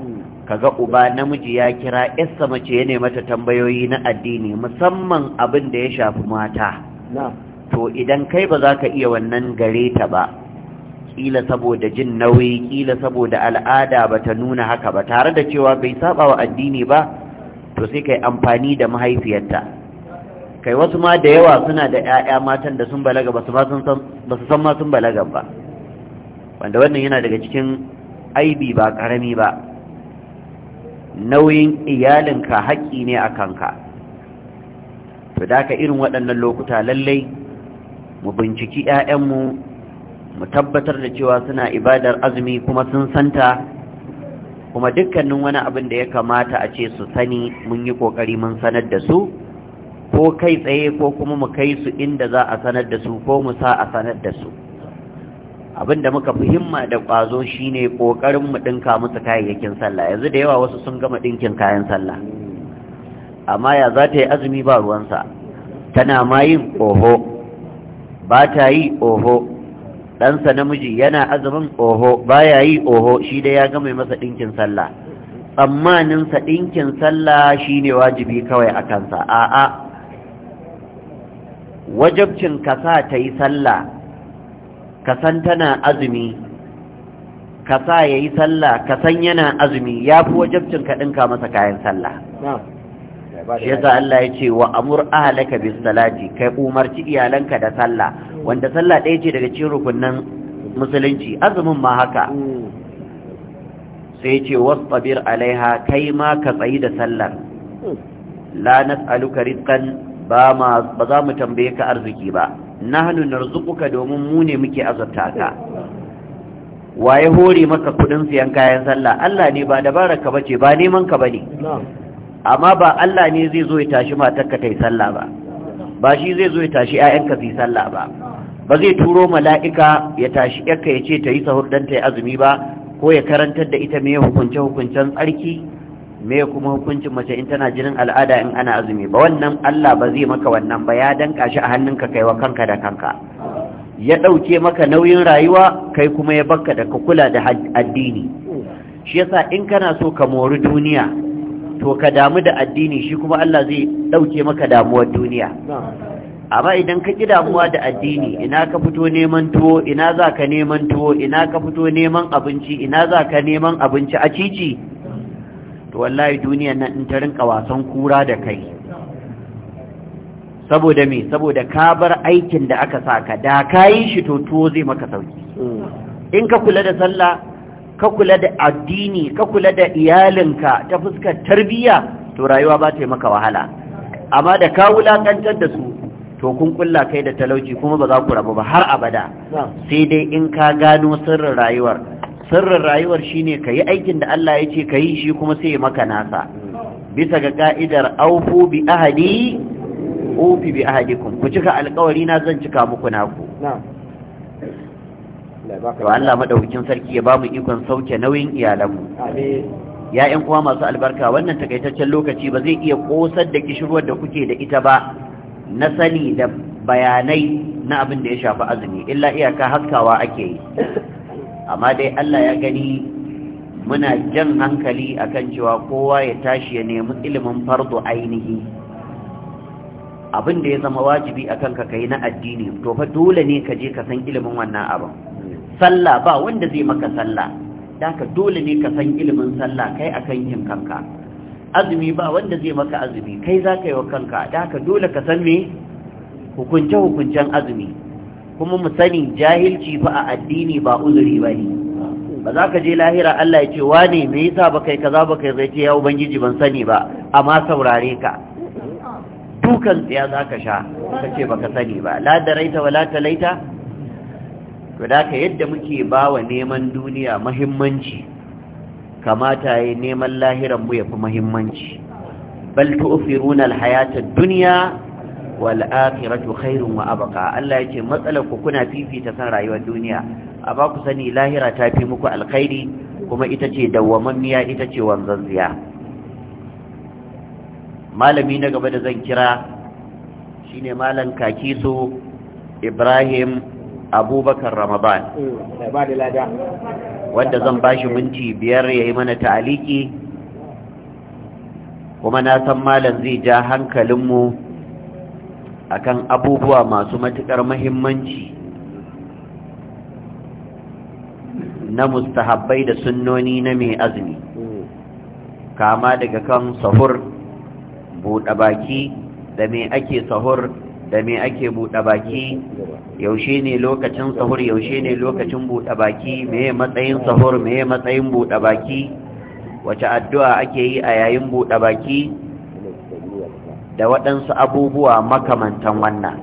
Ka ga uba namiji ya kira 'yarsa mace ya mata tambayoyi na addini musamman abin da ya shafi mata to idan kai ba za ka iya wannan gare ta ba kila saboda jin nauyi ƙila saboda al'ada ba ta nuna haka ba tare da cewa bai saba wa addini ba to sai kai amfani da mahaifiyarta kai wasu ma da yawa suna da 'ya'ya matan da sun balaga ba su san ma sun balaga ba wanda wannan yana daga cikin aibi ba karami ba nauyin iyalinka haƙƙi ne a kanka to da ka irin waɗannan lokuta lallai mu binciki 'ya'yanmu mu tabbatar da cewa suna ibadar azumi kuma sun santa kuma dukkanin wani abin da ya kamata a ce su sani mun yi kokari mun sanar da su ko kai tsaye ko kuma mu kai su inda za a sanar da su ko mu sa a sanar da su abin da muka fi himma da ƙwazo shine ƙoƙarin mu ɗinka musu kayayyakin sallah yanzu da yawa wasu sun gama ɗinkin kayan sallah amma ya za ta yi azumi ba ruwansa tana mayin, oho ba ta yi oho ɗansa namiji yana azumin oho baya yi oho shi da ya gama masa ɗinkin sallah tsammaninsa ɗinkin sallah shi ne wajibi kawai a kansa a'a wajabcin kasa ta yi sallah kasan tana azumi kasa ya yi sallah kasan yana azumi ya fi wajabcin ka ɗinka masa kayan sallah shi yasa Allah ya ce wa amur ahlaka bis salati kai umarci iyalanka da sallah wanda sallah ɗaya ce daga cikin rukunnan musulunci azumin ma haka sai ce wasbir alaiha kai ma ka tsayi da sallar la nas'aluka rizqan ba ma ba za mu tambaye ka arziki ba nahnu narzuquka domin mu ne muke azurta ka waye hore maka kudin siyan kayan sallah Allah ne ba dabaraka bace ba neman ka bane amma ba Allah ne zai zo ya tashi matarka ta yi sallah ba ba shi zai zo ya tashi ‘ya'yanka su yi sallah ba ba zai turo mala'ika ya tashi ‘yarka ya ce ta yi sahur ta yi azumi ba ko ya karantar da ita mai hukunce hukuncen tsarki mai kuma hukuncin mace in tana jinin al'ada in ana azumi ba wannan Allah ba zai maka wannan ba ya danka shi a hannunka kaiwa kanka da kanka ya ɗauke maka nauyin rayuwa kai kuma ya baka da ka kula da addini shi yasa in kana so ka mori duniya to ka damu da addini shi kuma Allah zai ɗauke maka damuwar duniya amma idan ka ki damuwa da addini ina ka fito neman tuwo ina za ka neman tuwo ina ka fito neman abinci ina za ka neman abinci a cici to wallahi duniyar nan in ta rinka wasan kura da kai saboda me saboda ka bar aikin da aka saka da ka yi shi to tuwo zai maka sauki in ka kula da sallah ka kula da addini ka kula da iyalinka ta fuskar tarbiyya to rayuwa ba ta yi maka wahala amma da ka wulakantar da su to kun kulla kai da talauci kuma ba za ku rabu ba har abada sai dai in ka gano sirrin rayuwar sirrin rayuwar shine ka aikin da Allah ya ce ka shi kuma sai ya maka nasa bisa ga ka'idar aufu bi ahadi ufi bi ahadikum ku cika alƙawari na zan cika muku naku to Allah madaukakin sarki ya bamu ikon sauke nauyin iyalanmu ya 'yan uwa masu albarka wannan takaitaccen lokaci ba zai iya kosar da kishirwar da kuke da ita ba na sani da bayanai na abin da ya shafi azumi illa iyaka haskawa ake yi amma dai Allah ya gani muna jan hankali akan cewa kowa ya tashi ya nemi ilimin fardu ainihi abin da ya zama wajibi akan ka kai na addini to fa dole ne ka je ka san ilimin wannan abin sallah ba wanda zai maka sallah ka dole ne ka san ilimin sallah kai akan yin kanka azumi ba wanda zai maka azumi kai za ka yi wa kanka ka dole ka san me hukunce hukuncen azumi kuma mu sani jahilci fa a addini ba uzuri ba ne ba za ka je lahira Allah ya ce ne me yasa ba kai kaza ba kai zai ce ya ubangiji ban sani ba amma saurare ka dukan tsaya za ka sha ka ce ba ka sani ba la da raita wa ta to da ka yadda muke bawa neman duniya muhimmanci kamata yi neman lahiranmu mu yafi muhimmanci bal tu'firuna alhayata ad-dunya wal akhiratu khairun wa abqa Allah yake matsalar ku kuna fifita san rayuwar duniya a ba ku sani lahira ta fi muku alkhairi kuma ita ce dawwamammiya ita ce wanzanziya malami na gaba da zan kira shine malam kakiso Ibrahim abubakar ramadan mm, wanda zan ba shi minti biyar ya yi mana ta'aliki kuma na san malam zai ja hankalinmu a kan abubuwa masu matuƙar mahimmanci na mustahabbai da sunnoni na mai azumi kama daga kan sahur buɗe baki da mai ake sahur da me ake buɗe baki yaushe ne lokacin sahur yaushe ne lokacin buɗe baki meye matsayin sahur meye matsayin buɗe baki wace addu'a ake yi a yayin buɗe baki da waɗansu abubuwa makamantan wannan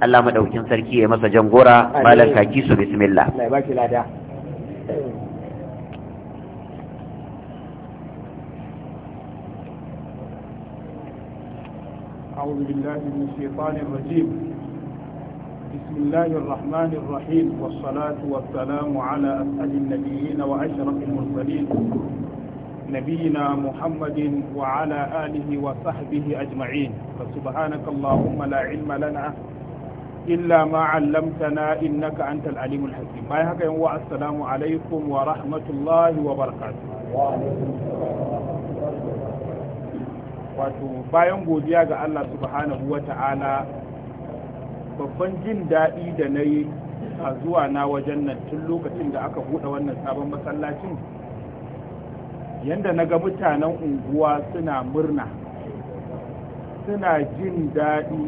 Allah maɗaukin sarki ya masa jangora gora, kaki su bismillah أعوذ بالله من الشيطان الرجيم بسم الله الرحمن الرحيم والصلاة والسلام على أسعد النبيين وأشرف المرسلين نبينا محمد وعلى آله وصحبه أجمعين فسبحانك اللهم لا علم لنا إلا ما علمتنا إنك أنت العليم الحكيم باي هكا السلام عليكم ورحمة الله وبركاته وعليكم السلام wato bayan godiya ga Allah subhanahu wa ta'ala babban jin daɗi da na yi a zuwa na wajen nan tun lokacin da aka buɗe wannan sabon masallacin yadda na ga mutanen unguwa suna murna suna jin daɗi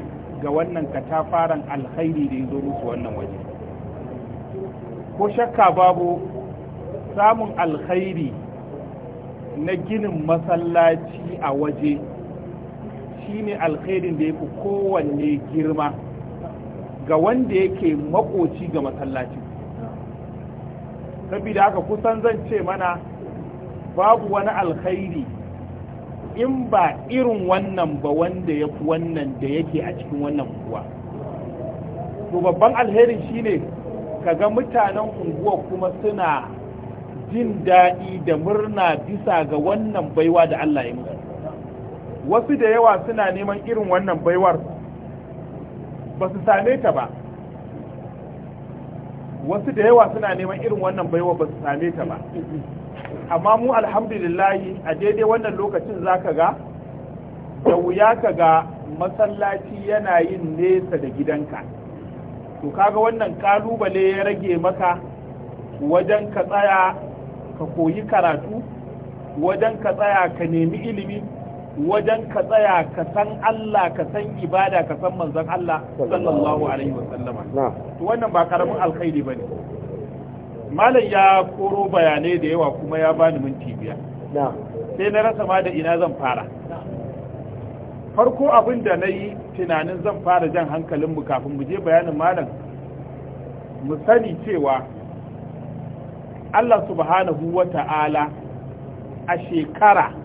ga wannan katafaren alhairi da ya zo musu wannan waje ko shakka babu samun alhairi na ginin masallaci a waje shi ne alkhairin da ya fi kowanne girma ga wanda yake makoci ga masallaci sabida haka kusan zan ce mana babu wani alkhairi in ba irin wannan ba wanda ya fi wannan da yake a cikin wannan kuwa to babban alherin shine kaga mutanen unguwa kuma suna jin daɗi da murna bisa ga wannan baiwa da Allah ya musu wasu da yawa suna neman irin wannan baiwar ba su same ta ba wasu da yawa suna neman irin wannan baiwar ba su same ta ba amma mu alhamdulillahi a daidai wannan lokacin zaka ga da wuya ka ga masallaci yana yin nesa da gidanka to kaga wannan kalubale ya rage maka wajen ka tsaya ka koyi karatu wajen ka tsaya ka nemi ilimi wajen ka tsaya ka san Allah ka san ibada ka san manzon Allah sallallahu alaihi wasallama to wannan ba karamin alkhairi bane malam ya koro bayanai da yawa kuma ya bani minti biyar sai na rasa ma da ina zan fara farko abin da na yi tunanin zan fara jan hankalin mu kafin mu je bayanin malam mu sani cewa Allah subhanahu wa ta'ala a shekara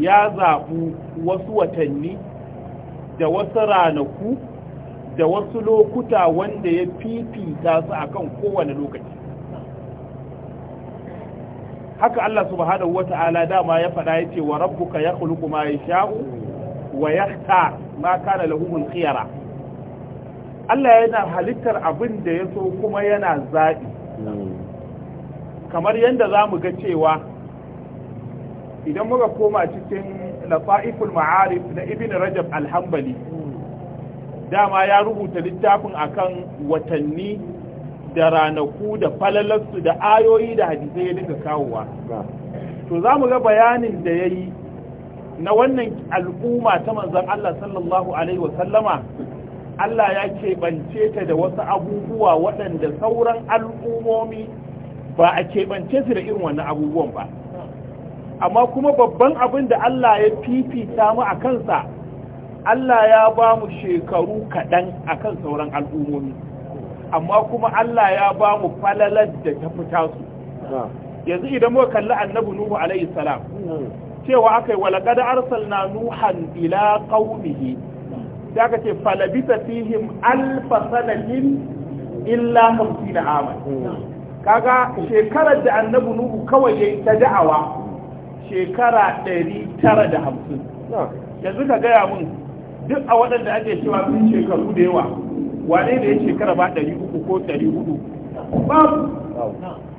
ya zaɓu wasu watanni da wasu ranaku da wasu lokuta wanda ya fifita su akan kowane lokaci haka Allah subhanahu wata'ala dama ya faɗa ya ce wa rabbuka kuluku ma sha'u? wa ta ma kana lahumul khiyara Allah yana halittar abin da ya so kuma yana zaɓi. Hmm. kamar yadda za mu ga cewa idan muka koma cikin lafa'iful ma'arif na ibn rajab alhambali dama ya rubuta littafin akan watanni da ranaku da falalarsu da ayoyi da hadisai ya duka kawowa to za mu ga bayanin da ya yi na wannan al'umma ta manzan Allah sallallahu Alaihi wasallama Allah ya keɓance ta da wasu abubuwa waɗanda sauran al'umomi ba a keɓance su da irin wannan abubuwan ba amma kuma babban abin da Allah ya fifita mu a kansa Allah ya ba mu shekaru kaɗan a kan sauran al'ummomi amma kuma Allah ya ba mu falalar da ta fita su yanzu idan muka kalli annabi Nuhu alaihi salam cewa akai walaqad arsalna nuhan ila qaumihi da aka ce falabisa fihim alfa sanatin illa 50 aman kaga shekarar da annabi Nuhu kawai yayi ta da'awa shekara ɗari tara da hamsin yanzu ka gaya mun duk a waɗanda ake cewa sun shekaru da yawa wane da ya shekara ba ɗari uku ko ɗari ba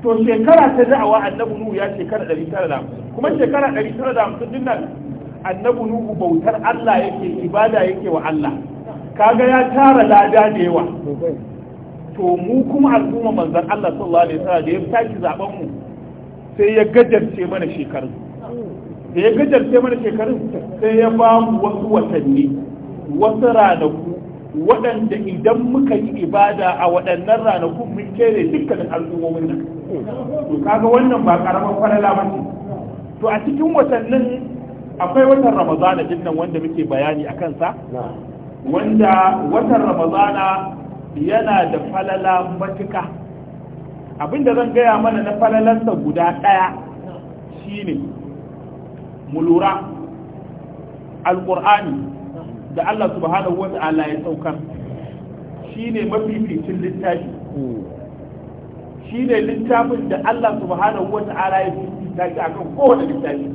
to shekara ta da'awa annabu nuhu ya shekara ɗari tara da hamsin kuma shekara ɗari tara da hamsin din nan annabu nuhu bautar Allah yake ibada yake wa Allah kaga ya tara lada da yawa to mu kuma al'umma manzon Allah sallallahu alaihi wasallam da ya taki zaben mu sai ya gajarce mana shekaru da ya gajarce mana shekarun sai ya ba mu wasu watanni wasu ranaku waɗanda idan muka yi ibada a waɗannan ranaku mun kere dukkanin al'ummomin nan to kaga wannan ba karaman falala ba ce to a cikin watannin akwai watan ramazana din nan wanda muke bayani a kansa wanda watan ramazana yana da falala matuka abinda zan gaya mana na falalansa guda ɗaya shine mu lura alƙur'ani da Allah subhanahu wa ta'ala ya saukar shine mafificin littafi shine littafin da Allah subhanahu wa ta'ala ya fifita a kan kowane littafi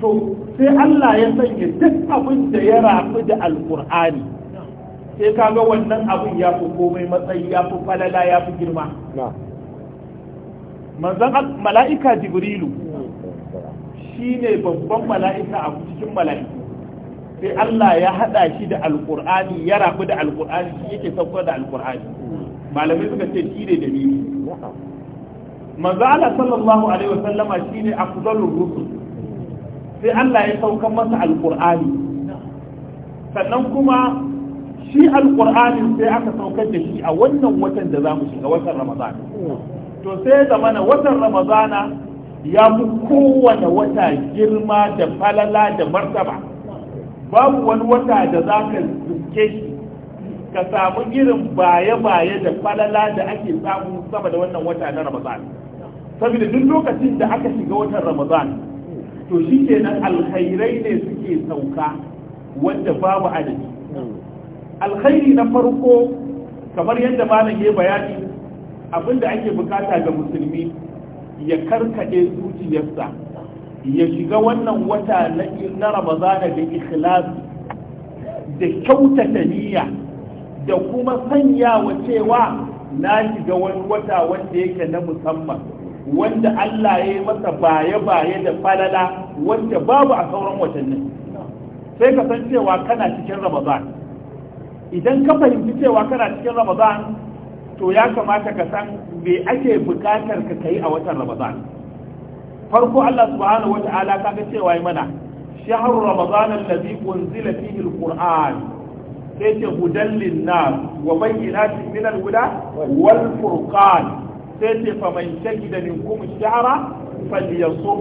to sai Allah ya sanya duk abin da ya rafi da alƙur'ani sai kaga wannan abin ya fi komai matsayi ya fi falala ya fi girma manzon mala'ika jibrilu shine babban mala'ika a cikin mala'iku sai Allah ya haɗa shi da alqur'ani ya rabu da alqur'ani shi yake sauƙa da alqur'ani malamai suka ce shi ne dalili manzo Allah sallallahu alaihi wasallama shine afdalur rusul sai Allah ya sauka masa alqur'ani sannan kuma shi alƙur'ani sai aka saukar da shi a wannan watan da mu shiga watan Ramadana. to sai zamana watan Ramadana ya fi kowane wata girma da falala da martaba babu wani wata da za ka zuke shi ka samu irin baye-baye da falala da ake samu sama da wannan wata na ramadan saboda duk lokacin da aka shiga watan ramadan to shi ke nan alkhairai ne suke sauka wanda babu adadi alkhairi na farko kamar yadda malam ya bayani abinda ake bukata ga musulmi ya karkade zuciyarsa ya shiga wannan wata na ramadana da ikhlas da kyautata niyya da kuma sanyawa cewa na shiga wani wata wanda yake na musamman wanda Allah ya yi masa baye-baye da falala wanda babu a sauran watanni. sai ka san cewa kana cikin ramadan idan ka fahimci cewa kana cikin ramadan to ya kamata ka san me ake bukatar ka kai a watan ramadan farko Allah subhanahu wata'ala ga cewa yi mana shahru ramadan allazi unzila fihi alquran sai ce hudan linnas wa bayyinatin min alhuda wal furqan sai ce faman shahida minkum shahra falyasum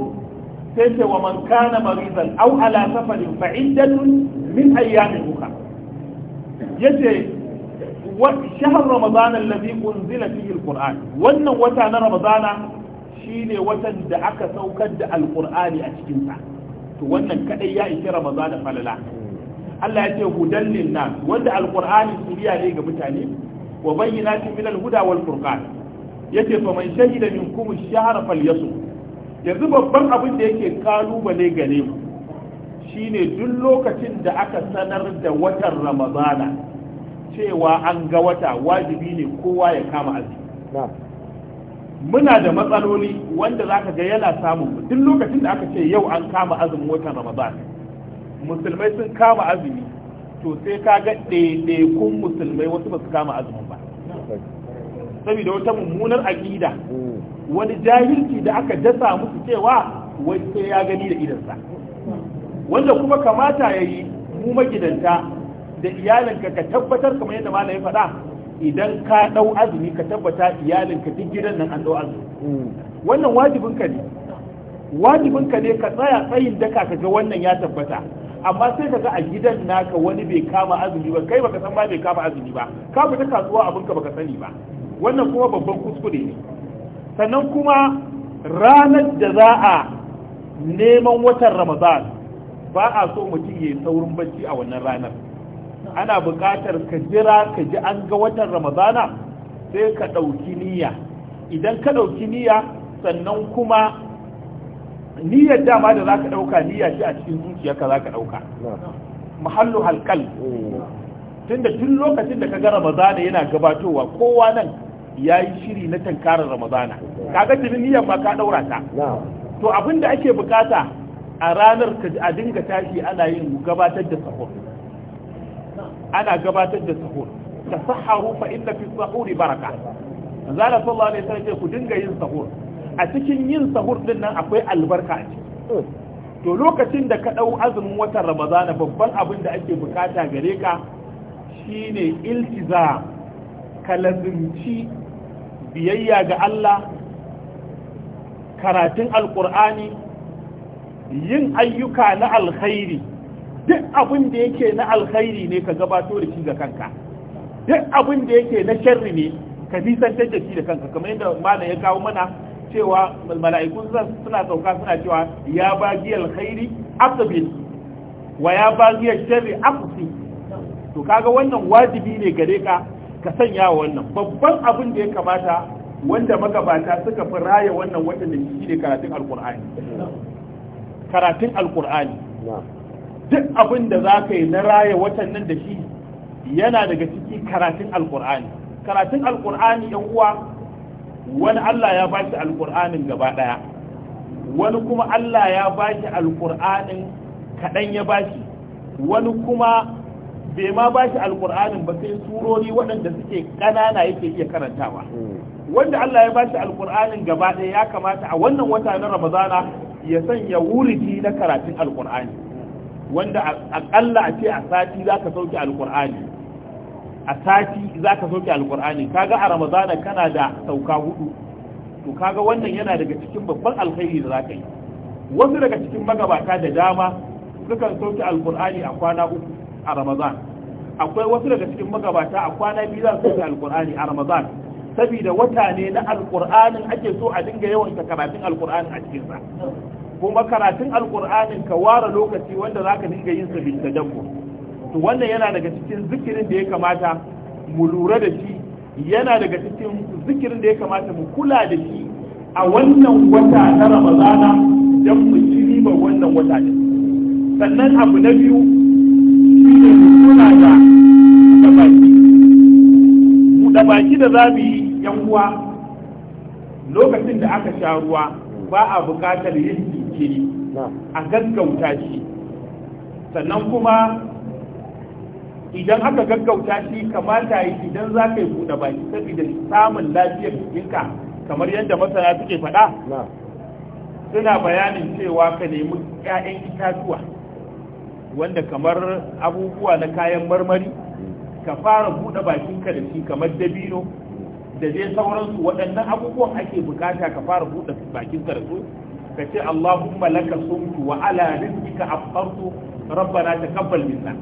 sai ce wa man kana maridan aw ala safarin fa iddatun min ayyamin ukhra yace shahar ramadana allazi unzila fihi alquran wannan wata na ramadana shine watan da aka saukar da alqur'ani a cikin sa to wannan kadai ya ishi ramadana falala Allah ya ce hudan linnas wanda alqur'ani suriya ne ga mutane wa bayyinatin min alhuda wal furqan yace fa man shahida minkum ash-shahra falyasum yanzu babban abin da yake kalubale gare mu shine duk lokacin da aka sanar da watan ramadana cewa an ga wata wajibi ne kowa ya kama azumi muna da matsaloli wanda za ka ga yana samun duk lokacin da aka ce yau an kama azumin watan ramadan musulmai sun kama azumi to sai ka ga ɗaiɗaikun musulmai wasu ba su kama azumin ba saboda wata mummunar aƙida mm. wani jahilci da aka dasa musu cewa wai sai ya gani da idansa wanda kuma kamata ya yi mu magidanta da iyalinka ka tabbatar kamar yadda malam ya faɗa idan ka ɗau azumi ka tabbata iyalinka duk gidan nan an ɗau azumi wannan wajibin ka ne wajibin ka ne ka tsaya tsayin daka ka ga wannan ya tabbata amma sai ka ga a gidan naka wani bai kama azumi ba kai baka san ba bai kama azumi ba ka fita kasuwa abinka baka sani ba wannan kuma babban kuskure ne sannan kuma ranar da za a neman watan ramadan ba a so mutum ya yi saurin bacci a wannan ranar ana buƙatar ka jira ka ji an ga watan ramadana sai ka ɗauki niyya idan ka ɗauki niyya sannan kuma niyyar dama da za ka ɗauka niyya ce a cikin zuciyarka za ka ɗauka muhallu halkal tunda tun lokacin da ka ga ramadana yana gabatowa kowa nan ya yi shiri na tankarar ramadana kaga jini niyyar ma ka ɗaura ta to abin da ake bukata a ranar ka a dinga tashi ana yin gabatar da sahur ana gabatar da sahur tasaharu fa inna fi sahuri baraka zala sallallahu alaihi wasallam ku dinga yin sahur a cikin yin sahur din nan akwai albarka a ciki to lokacin da ka dau azumin watan ramadana babban abin da ake bukata gare ka shine iltizam ka lazimci biyayya ga Allah karatun alqur'ani yin ayyuka na alkhairi duk abin da yake na alkhairi ne ka gabato da shi ga kanka duk abin da yake na sharri ne ka nisantar da shi da kanka kamar yadda malam ya kawo mana cewa mala'iku suna sauka suna cewa ya bagi alkhairi aqbil wa ya bagi sharri aqsi to kaga wannan wajibi ne gare ka ka sanya wannan babban abin da ya kamata wanda magabata suka fi raya wannan watan da shi ne karatun alkur'ani karatun alkur'ani duk abin da za ka yi na raya watan nan da shi yana daga ciki karatun alkur'ani karatun alkur'ani yan uwa wani Allah ya ba shi alkur'anin gaba daya wani kuma Allah ya ba shi alkur'anin kaɗan ya ba shi wani kuma bai ma ba shi alkur'anin ba sai surori waɗanda suke ƙanana yake iya karantawa wanda Allah ya ba shi alkur'anin gaba ɗaya ya kamata a wannan wata na ramadana ya sanya wuridi na karatun alkur'ani wanda akalla a ce a sati za ka sauke alkur'ani a sati za ka sauke alkur'ani kaga a ramazana kana da sauka hudu to kaga wannan yana daga cikin babban alkhairi da za ka yi wasu daga cikin magabata da dama sukan sauke alkur'ani a kwana uku a ramazan akwai wasu daga cikin magabata a kwana biyu za su sauke alkur'ani a ramazan saboda wata ne na alkur'anin ake so a dinga yawan karatun alkur'anin a cikinsa kuma karatun alkur'anin ka ware lokaci wanda za ka dinga yin sabin tadabbur to wannan yana daga cikin zikirin da ya kamata mu lura da shi yana daga cikin zikirin da ya kamata mu kula da shi a wannan wata na ramadana don mu ci riba wannan wata ne sannan abu na biyu shi ne mu da baki mu da baki da za mu yi yan uwa lokacin da aka sha ruwa ba a bukatar yin jinkiri a gaggauta shi sannan kuma idan aka gaggauta shi kamata yi idan za ka yi buɗe baki saboda samun lafiyar jikinka kamar yadda masana suke faɗa suna bayanin cewa ka nemi 'ya'yan itatuwa wanda kamar abubuwa na kayan marmari ka fara buɗe bakinka da shi kamar dabino da dai sauransu waɗannan abubuwan ake bukata ka fara buɗe bakinka da su ka ce Allahumma laka sumtu wa ala rizqika aftartu rabbana taqabbal minna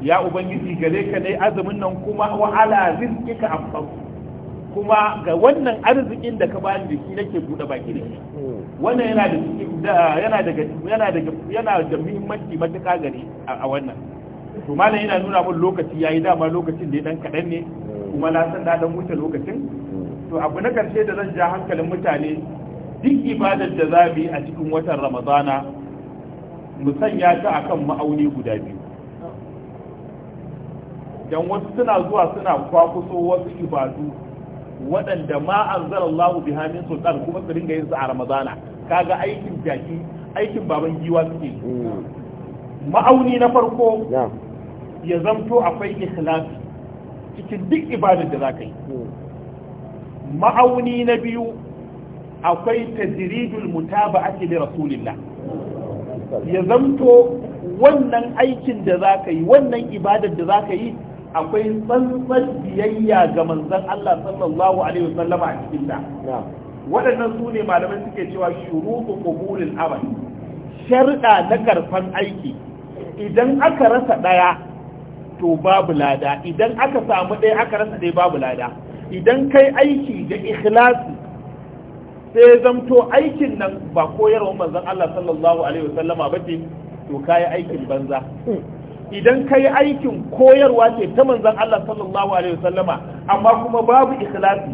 ya ubangiji gare ka dai azumin nan kuma wa ala rizqika aftartu kuma ga wannan arzikin da ka bani da shi nake bude baki da shi wannan yana da yana daga yana daga yana da muhimmanci matuƙa gare a wannan to malam yana nuna mun lokaci yayi dama lokacin da ya dan kadan ne kuma na san da dan wuce lokacin to abu na karshe da zan ja hankalin mutane duk ibadar da za mu yi a cikin watan ramadana mu sanya ta akan ma'auni guda biyu dan wasu suna zuwa suna kwakuso wasu ibadu waɗanda ma an zara Allah bi hamin sultan kuma su ringa yin su a ramadana kaga aikin jaki aikin baban giwa suke ma'auni na farko ya zamto akwai ikhlasi cikin duk ibadar da za ka hmm. ma'auni na biyu akwai mutaba ake li rasulillah ya zamto wannan aikin da zaka yi wannan ibadar da zaka yi akwai tsantsan biyayya ga manzon Allah sallallahu alaihi wasallama a cikin da waɗannan su ne malamai suke cewa shuruɗu qubulil amal sharda na karfan aiki idan aka rasa ɗaya to babu lada idan aka samu ɗaya aka rasa ɗaya babu lada idan kai aiki da ikhlasi sai zamto aikin nan ba koyarwar manzon Allah sallallahu alaihi wasallama to kayi aikin banza idan kai aikin koyarwa ce ta manzon Allah sallallahu alaihi wasallama amma kuma babu ikhlasi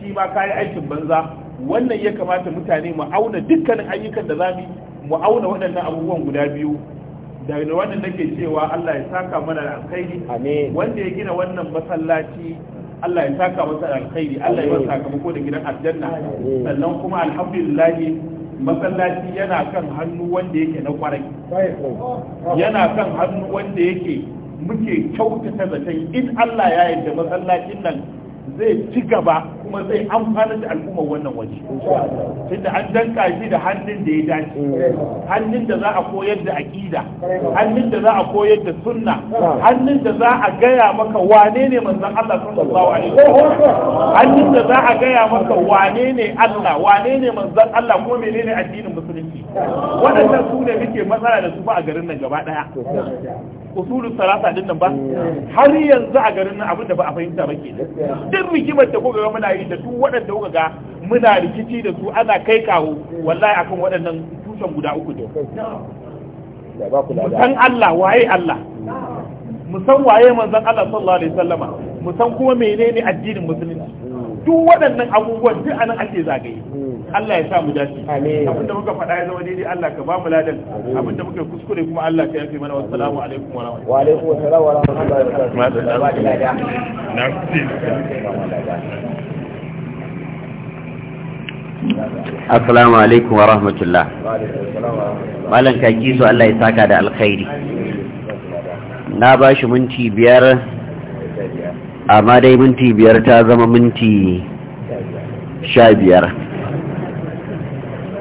shi ma kayi aikin banza wannan ya kamata mutane mu auna dukkanin ayyukan da zamu mu auna waɗannan abubuwan guda biyu da wannan nake cewa Allah ya saka mana da alkhairi wanda ya gina wannan masallaci Allah ya saka masa alkhairi Allah ya saka sakamako da gidan aljanna sannan kuma alhamdulillah masallaci yana kan hannu wanda yake na kwarai yana kan hannu wanda yake muke kyautata zaton in Allah ya yarda masallacin nan zai ci gaba kuma zai amfana da al'ummar wannan waje tunda an danka shi da hannun da ya dace hannun da za a koyar da aqida hannun da za a koyar da sunna hannun da za a gaya maka wane ne manzon Allah sallallahu alaihi wasallam hannun da za a gaya maka wane ne Allah wane ne manzon Allah ko menene addinin musulunci waɗannan su ne muke matsala da su ba a garin nan gaba daya usulun salasa din nan ba har yanzu a garin nan abin da ba a fahimta ba ke duk rigimar da kuka ga muna yi da su waɗanda kuka ga muna rikici da su ana kai kawo wallahi akan waɗannan tushen guda uku Mu san Allah waye Allah mu san waye manzon Allah sallallahu alaihi wasallama mu san kuma menene addinin musulunci duk waɗannan abubuwan duk anan ake zagaye hmm. Allah ya sa mu dace da muka faɗa ya zama daidai Allah ka ba mu ladan abin da muka kuskure kuma Allah ka yafe mana wassalamu alaikum wa rahmatullahi wa alaikum assalam wa rahmatullahi wa barakatuh assalamu alaikum wa rahmatullah malam kaki su Allah ya saka da alkhairi na ba shi minti biyar amma dai minti biyar ta zama minti sha biyar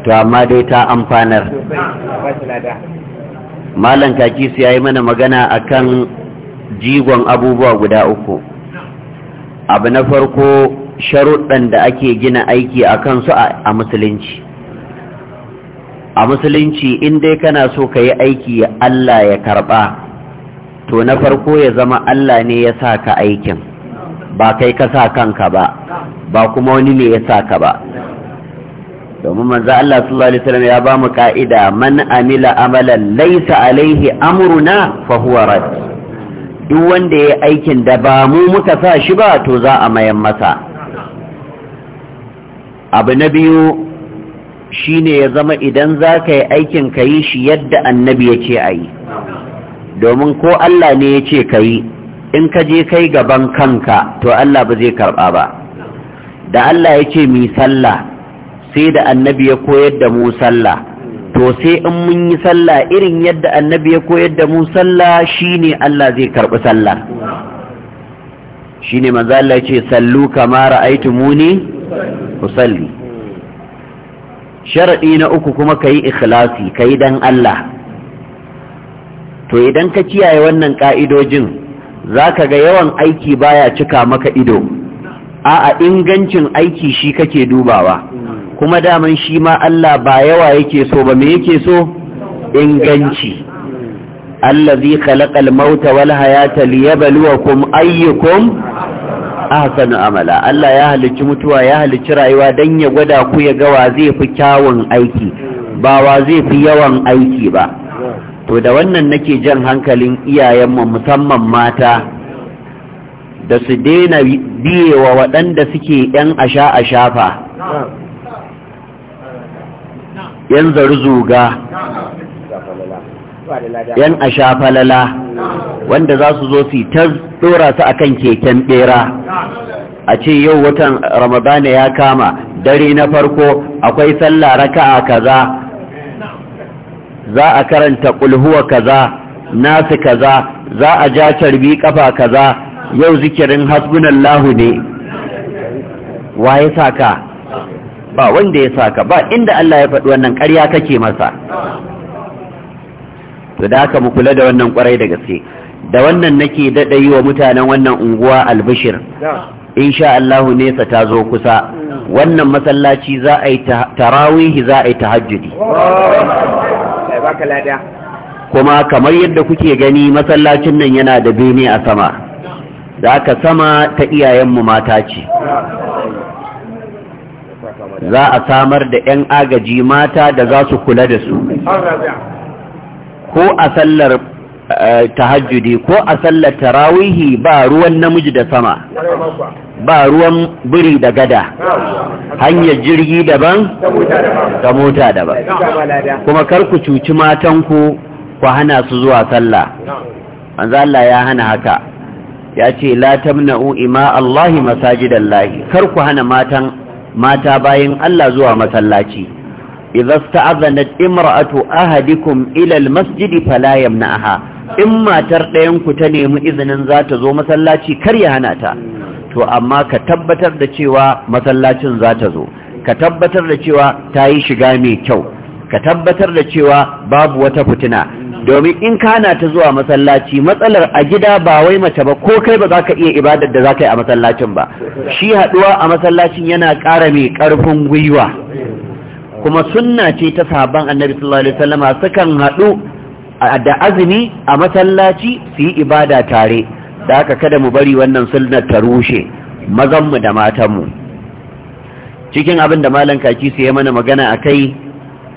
to amma dai ta amfanar malam kakisu ya yi mana magana akan jigon abubuwa guda uku abu na farko sharuɗan da ake gina aiki a kansu a musulunci a musulunci in dai kana so ka yi aiki Allah ya karɓa to na farko ya zama Allah ne ya sa ka aikin ba kai ka sa kanka ba ba kuma wani ne ya sa ka ba domin manzo Allah sallallahu alaihi wasallam ya ba mu ka'ida man amila amalan laysa alaihi amruna fa huwa rad duk wanda yayi aikin da ba mu muka sa shi ba to za a mayan masa abu na biyu shine ya zama idan za ka yi aikin ka yi shi yadda annabi ya ce a yi domin ko Allah ne ya ce ka yi in ka je kai gaban kanka to Allah ba zai karɓa ba da Allah ya ce mi sallah sai da annabi ya koyar da mu sallah to sai in mun yi sallah irin yadda annabi ya koyar da mu sallah shine Allah zai karɓi sallar shine manzo Allah ya ce sallu kama ra'aytumuni usalli sharadi na uku kuma kayi ikhlasi kayi dan Allah to idan ka kiyaye wannan ka'idojin za ka ga yawan aiki baya cika maka ido a'a ingancin aiki shi kake dubawa kuma daman shi ma Allah ba yawa yake so ba me yake so inganci allazi khalaqal mauta wal hayata liyabluwakum ayyukum ahsanu amala Allah ya halicci mutuwa ya halicci rayuwa dan ya gwada ku ya ga wa zai fi kyawun aiki ba wa zai fi yawan aiki ba to da wannan nake jan hankalin iyayenmu musamman mata da su daina biyewa waɗanda suke 'yan asha a shafa yan zarzuga yan falala, wanda za su zo su ta dora su akan keken bera a ce yau watan ramadana ya kama dare na farko akwai sallah raka'a kaza za a karanta kulhuwa kaza nasu kaza za a ja carbi kafa kaza yau zikirin hasbunallahu ne wa ya saka ba wanda ya saka ba inda Allah ya faɗi wannan ƙarya kake masa to da haka mu kula da wannan ƙwarai da gaske da wannan nake daɗa yi wa mutanen wannan unguwa albishir insha Allahu nesa ta zo kusa wannan masallaci za a yi tarawihi za a yi tahajjudi baka lada kuma kamar yadda kuke gani masallacin nan yana da bene a sama da aka sama ta iyayenmu mata ce za a samar da 'yan agaji mata da za su kula da su ko a sallar tahajjudi ko a sallar tarawihi ba ruwan namiji da sama ba ruwan biri da gada hanyar jirgi daban da mota daban kuma kar ku cuci matanku ku hana su zuwa sallah an Allah ya hana haka ya ce la tamna'u ima Allahi masajidallahi kar ku hana matan mata bayan Allah zuwa masallaci idza sta'adhanat imra'atu ahadikum ila almasjid fala yamna'aha in matar ɗayanku ta nemi izinin za ta zo masallaci kar ya hana ta to amma ka tabbatar da cewa masallacin za ta zo ka tabbatar da cewa ta yi shiga mai kyau ka tabbatar da cewa babu wata fitina domin in kana ta zuwa masallaci matsalar a gida ba wai mace ba ko kai ba za ka iya ibadar da za ka yi a masallacin ba shi haɗuwa a masallacin yana ƙara mai ƙarfin gwiwa kuma sunna ce ta sabon annabi sallallahu alaihi wasallam sukan haɗu da azumi a masallaci su yi ibada tare da haka kada mu bari wannan sunnar ta rushe mazanmu da matanmu cikin abin da malam kaki su yi mana magana a kai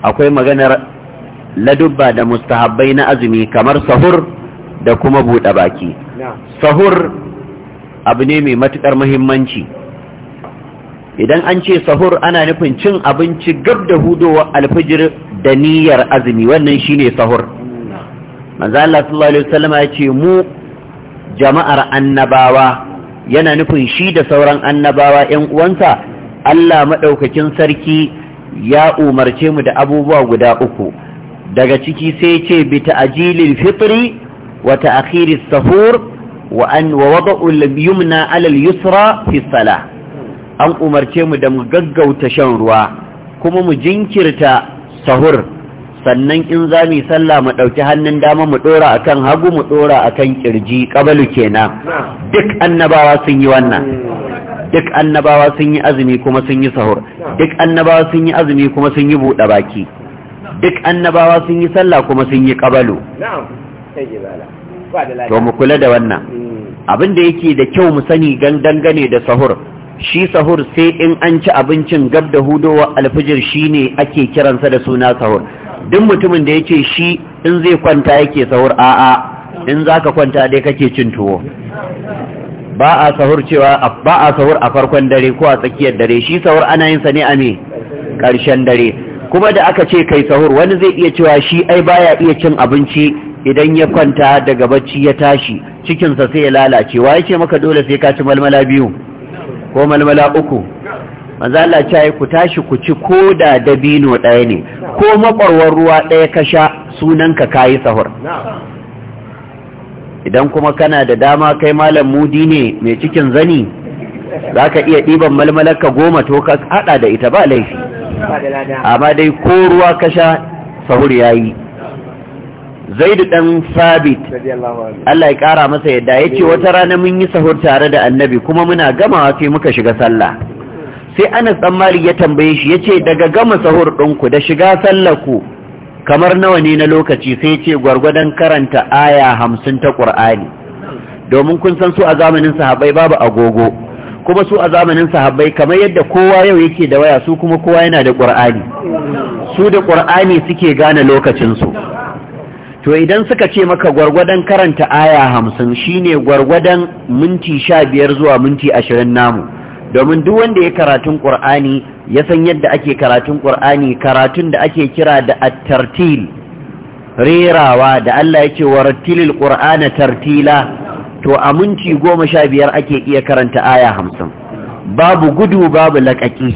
akwai maganar ladubba da mustahabbai na azumi kamar sahur da kuma buɗe baki sahur abu ne mai matuƙar muhimmanci idan an ce sahur ana nufin cin abinci gab da hudowa alfijir da niyyar azumi wannan shine sahur manzo Allah sallallahu alaihi wasallam ya ce mu jama'ar annabawa yana nufin shi da sauran annabawa ƴan uwansa Allah madaukakin sarki ya umarce mu da abubuwa guda uku daga ciki sai ce bi ta'jilil fitri wa ta'khiris sahur wa an wa wada'ul yumna 'ala al-yusra fi salah an umarce mu da mu gaggauta shan ruwa kuma mu jinkirta sahur sannan in za mu yi sallah mu ɗauki hannun dama mu ɗora akan hagu mu ɗora akan ƙirji, ƙabalu kenan duk annabawa sun yi wannan duk annabawa sun yi azumi kuma sun yi sahur duk annabawa sun yi azumi kuma sun yi buɗe baki duk annabawa sun yi sallah kuma sun yi ƙabalu to mu kula da wannan hmm. abin da yake da kyau mu sani dangane da sahur shi sahur sai in an ci abincin gab da hudowa alfijir shine ake kiransa da suna sahur duk mutumin da ya ce shi in zai kwanta yake sahur a'a in za ka kwanta dai kake cin tuwo ba a sahur cewa ba a sahur a farkon dare ko a tsakiyar dare shi sahur ana yin sa ne a me karshen dare kuma da aka ce kai sahur wani zai iya cewa shi ai baya iya cin abinci idan ya kwanta daga bacci ya tashi cikinsa sai ya lalace wa ya maka dole sai ka ci malmala biyu ko malmala uku manzo Allah ku tashi ku ci ko da dabino ɗaya ne ko makwarwar ruwa ɗaya ka sha sunanka kayi sahur idan kuma kana da dama kai malam mudi ne mai cikin zani za ka iya ɗiban ka goma to ka haɗa da ita ba laifi amma dai ko ruwa ka sha sahur ya yi zaidu ɗan sabit Allah ya ƙara masa yadda ya ce wata rana mun yi sahur tare da annabi kuma muna gamawa sai muka shiga sallah sai anas dan malik ya tambaye shi yace daga gama sahur ɗinku da shiga sallar ku kamar nawa ne na lokaci sai ce gwargwadon karanta aya hamsin ta ƙur'ani domin kun san su a zamanin sahabbai babu agogo kuma su a zamanin sahabbai kamar yadda kowa yau yake da waya su kuma kowa yana da ƙur'ani su da ƙur'ani suke gane lokacin su to idan suka ce maka gwargwadon karanta aya hamsin shine gwargwadon minti sha biyar zuwa minti ashirin namu domin duk wanda ya karatun ƙur'ani, ya san yadda ake karatun ƙur'ani, karatun da ake kira da at-tartil rerawa da Allah yake wa rattilil qur'ana tartila to a minti goma sha biyar ake iya karanta aya hamsin babu gudu babu laƙaƙi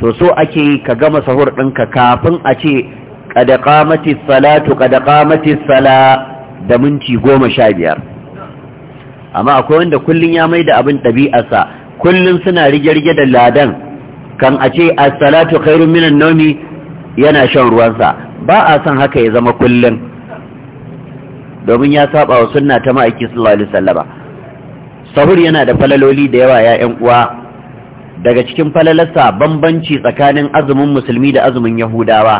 to so ake ka gama sahur ɗinka kafin a ce kada ƙamatis salatu kada ƙamatis sala da minti goma sha biyar amma akwai wanda kullum ya mai da abin ɗabi'arsa kullum suna rige-rige da ladan kan a ce as-salatu khairun minan nawmi yana shan ruwansa ba a son haka ya zama kullum domin ya saba wa sunna ta ma'aiki sallallahu alaihi wasallama sahur yana da falaloli da yawa ya ƴan uwa daga cikin falalarsa bambanci tsakanin azumin musulmi da azumin yahudawa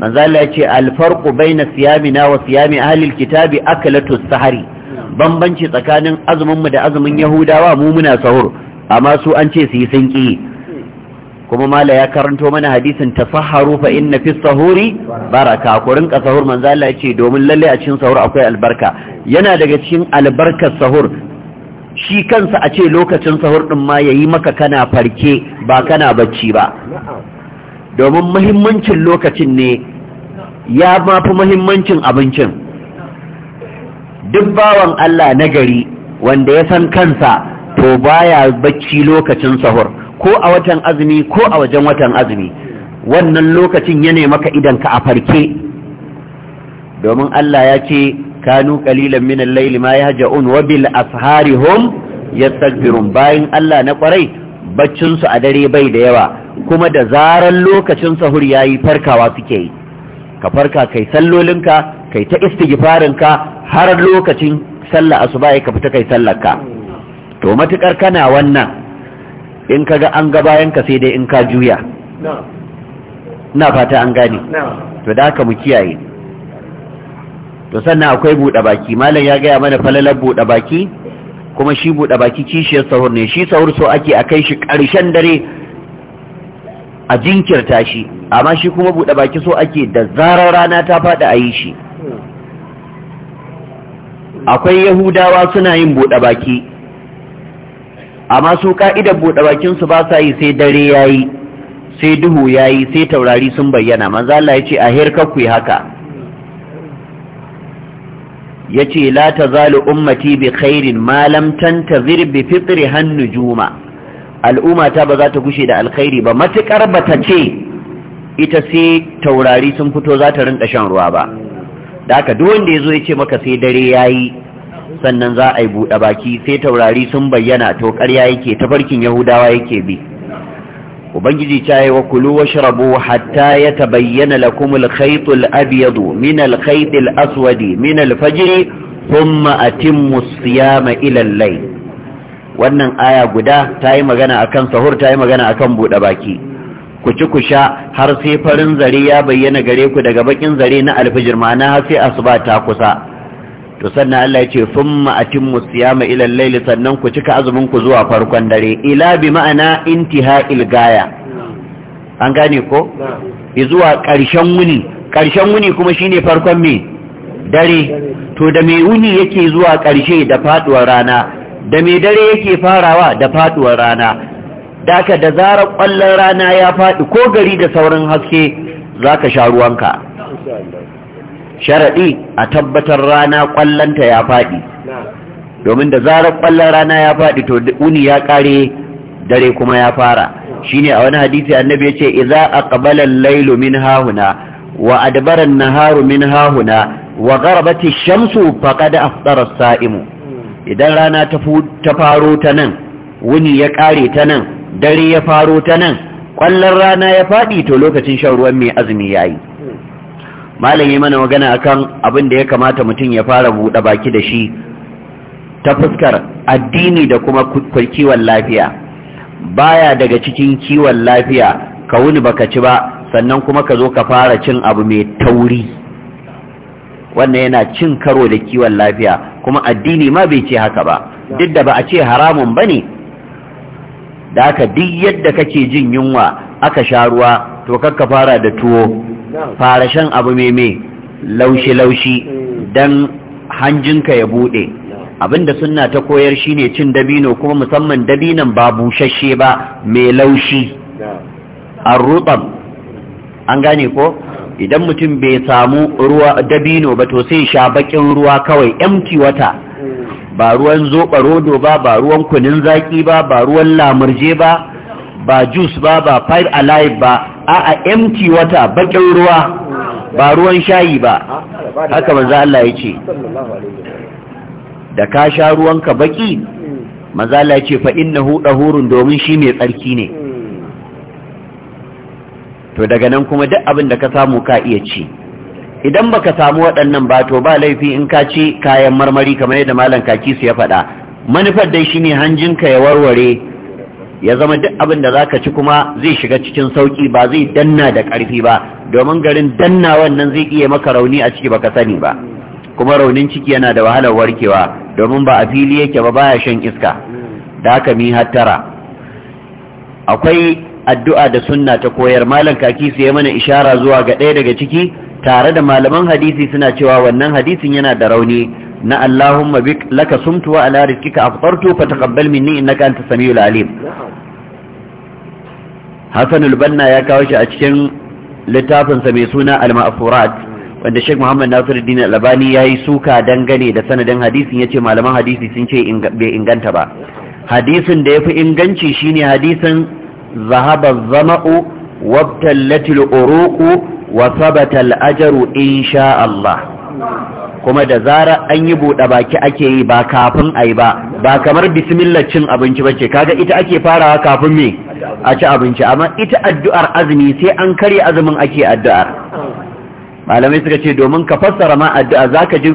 manzo Allah ya ce alfarqu baina siyamina wa siyami ahli alkitabi akalatu sahari bambanci tsakanin azuminmu da azumin yahudawa mu muna sahur amma su an ce su yi sun kuma mala ya karanto mana hadisin tafaharu fa inna fi sahuri baraka ku rinka sahur manzo Allah ya ce domin lalle a cikin sahur akwai albarka yana daga cikin albarkar sahur shi kansa a ce lokacin sahur din ma yayi maka kana farke ba kana bacci ba domin muhimmancin lokacin ne ya ma fi muhimmancin abincin duk bawan Allah nagari wanda ya san kansa to baya bacci lokacin sahur ko a watan azumi ko a wajen watan azumi wannan lokacin ya maka idan ka a farke domin Allah ya ce kanu qalilan min al-layli ma yahja'un wa bil asharihum yastaghfirun bayin Allah na kwarai baccin su a dare bai da yawa kuma da zaran lokacin sahur yayi farkawa suke yi ka farka kai sallolinka kai ta istighfarinka har lokacin sallah asuba ka fita kai ka. to matukar kana wannan in kaga an ga bayan ka sai dai in ka juya na fata an gane to da haka mu kiyaye to sannan akwai buɗe baki malam ya gaya mana falalar buɗe baki kuma shi buɗe baki kishiyar sahur ne shi sahur so ake a kai shi ƙarshen dare a jinkirta shi amma shi kuma buɗe baki so ake da zarar rana ta faɗi a yi shi hmm. akwai yahudawa suna yin buɗe baki amma su ka'idar buɗe bakin su ba sa yi sai dare ya yi, sai duhu ya yi, sai taurari sun bayyana manzo Allah ya ce a herka ku yi haka Ya ce, la zalu ummati bi khairin ma lam tantazir bi fitriha nujuma al'umma ta ba za ta gushe da alkhairi ba matukar ba ta ce ita sai taurari sun fito za ta rinka shan ruwa ba da haka duk wanda ya zo ya ce maka sai dare ya yi. sannan za a yi buɗe baki sai taurari sun bayyana to ƙarya yake farkin yahudawa yake bi ubangiji ta yi wa kulu wa shirabu hatta ya bayyana la alkhayt al-abyad min alkhayt Minal aswad min al-fajr thumma atimmu ilallai. wannan aya guda ta yi magana kan sahur ta yi magana akan buɗe baki ku ci ku sha har sai farin zare ya bayyana gare ku daga bakin zare na alfijir ma'ana har sai asuba ta kusa to sannan Allah ya ce thumma atimmu siyama ila al sannan ku cika azumin ku zuwa farkon dare ila bi ma'ana intiha'il gaya an gane ko zuwa ƙarshen wuni ƙarshen wuni kuma shine farkon me dare to da me wuni yake zuwa ƙarshe da faduwar rana da mai dare yake farawa da faduwar rana daka da zarar kwallon rana ya faɗi ko gari da sauran haske zaka sha ruwanka sharaɗi a tabbatar rana ƙwallonta ya faɗi domin da zarar ƙwallon rana ya faɗi to wuni ya ƙare dare kuma ya fara Shi ne a wani hadisi annabi yace iza a ƙabalar lailu min hahuna wa adbaran an-naharu min hahuna wa garbati shamsu faƙa da afɗarar saimu idan rana ta faro ta nan wuni ya ƙare ta nan dare ya faro ta nan ƙwallon rana ya faɗi, to lokacin shan ruwan mai azumi ya yi. malam yi mana magana akan abin da ya kamata mutum ya fara buɗe baki da shi ta fuskar addini da kuma kiwon lafiya baya daga cikin kiwon lafiya ka wuni baka ci ba sannan kuma ka zo ka fara cin abu mai tauri wannan yana cin karo da kiwon lafiya kuma addini ma bai ce haka ba duk da ba a ce haramun ba ne da haka duk yadda kake jin yunwa aka sha ruwa to kakka fara da tuwo fara shan abu mai laushi-laushi don hanjinka ya bude. abinda sunna ta koyar shine cin dabino kuma musamman dabinan ba bushashe ba mai laushi an an gane ko idan mutum bai samu ruwa dabino ba to sai sha bakin ruwa kawai empty wata ba ruwan zoɓa rodo ba ba ruwan kunin zaki ba ba ruwan lamurje ba ba juice ba ba five alive ba a a empty wata bakin ruwa ba ruwan shayi ba haka manzo Allah ya ce da ka sha ruwanka baki manzo Allah ya ce na innahu dahurun domin shi mai tsarki ne to daga nan kuma duk abin da ka samu ka iya ci idan baka samu waɗannan ba to ba laifi in ka ci kayan marmari kamar yadda malam kaki su ya faɗa manufar dai shine hanjinka ya warware ya zama duk abin da za ka ci kuma zai shiga cikin sauki ba zai danna da ƙarfi ba domin garin danna wannan zai iya maka rauni a ciki baka sani ba kuma raunin ciki yana da wahalar warkewa domin ba a fili yake ba baya shan iska da haka mi hattara akwai addu'a da sunna ta koyar malam kaki sai mana ishara zuwa ga ɗaya daga ciki tare da malaman hadisi suna cewa wannan hadisin yana da rauni na Allahumma bik laka sumtu wa ala rizqika afqartu fa taqabbal minni innaka antas samiul alim Hassan al-banna ya kawo shi a cikin littafinsa mai suna al-ma'furat wanda Sheikh Muhammad Nasiruddin Albani ya yi suka dangane da sanadin hadisin yace malaman hadisi sun ce bai inganta ba hadisin da yafi inganci shine hadisin zahaba zama'u wabtallat al-uruqu wa sabata al-ajru insha Allah kuma da zara an yi buɗe baki ake yi ba kafin ayi ba ba kamar bismillah cin abinci bace kaga ita ake farawa kafin me a ci abinci amma ita addu'ar azumi sai an karya azumin ake addu'ar malamai suka ce domin ka fassara ma addu'a zaka ji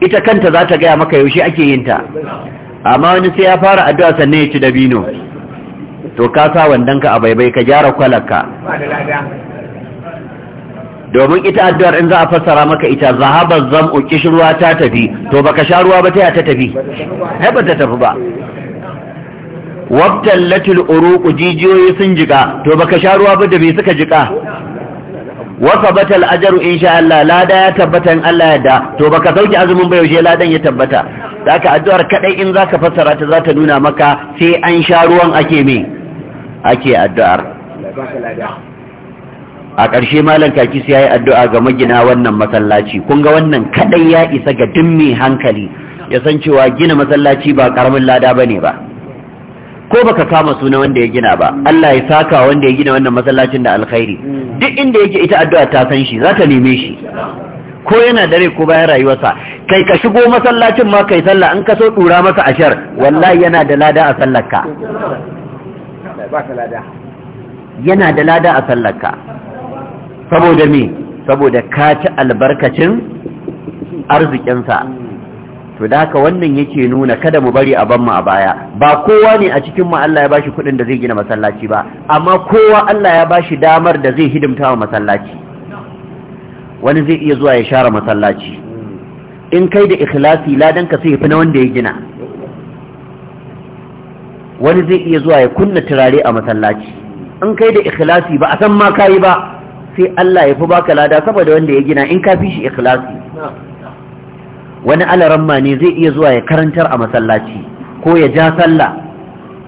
ita kanta za ta gaya maka yaushe ake yin ta amma wani sai ya fara addu'a sannan ya ci dabino to ka sa ka a baibai ka gyara kwalarka domin ita addu'ar in za a fassara maka ita zahabar zam'u kishirwa ta tafi to baka sha ruwa ba ta ta tafi ba ta tafi ba latil uruqu jijiyoyi sun jika to baka sha ruwa ba da bai suka jika wasa batal ajaru insha Allah lada ya tabbata in Allah yadda, to baka sauki azumin ba yaushe ladan ya tabbata zaka addu'ar kadai in zaka fassara ta zata nuna maka sai an sha ruwan ake me ake addu'ar a ƙarshe malam kaki sai yayi addu'a ga magina wannan masallaci kun ga wannan kadai ya isa ga dimmi hankali ya san cewa gina masallaci ba karamin lada bane ba ko baka kama suna wanda ya gina ba Allah ya saka wanda ya gina wannan masallacin da alkhairi duk inda yake ita addu'a ta san shi zaka neme shi ko yana dare ko bayan rayuwarsa kai ka shigo masallacin ma kai sallah an ka so dura masa ashar wallahi yana da lada a sallarka yana da lada a sallarka saboda me saboda ka ci albarkacin arzikinsa to da haka wannan yake nuna kada mu bari a mu a baya ba kowa ne a cikin mu Allah ya bashi kuɗin da zai gina masallaci ba amma kowa Allah ya bashi damar da zai hidimta wa masallaci wani zai iya zuwa ya share masallaci in kai da ikhlasi ladan ka sai fi na wanda ya gina wani zai iya zuwa ya kunna turare a masallaci in kai da ikhlasi ba a san ma kai ba sai Allah ya fi baka lada saboda wanda ya gina in ka fi shi ikhlasi wani alaramma ne zai iya zuwa ya karantar a masallaci ko ya ja sallah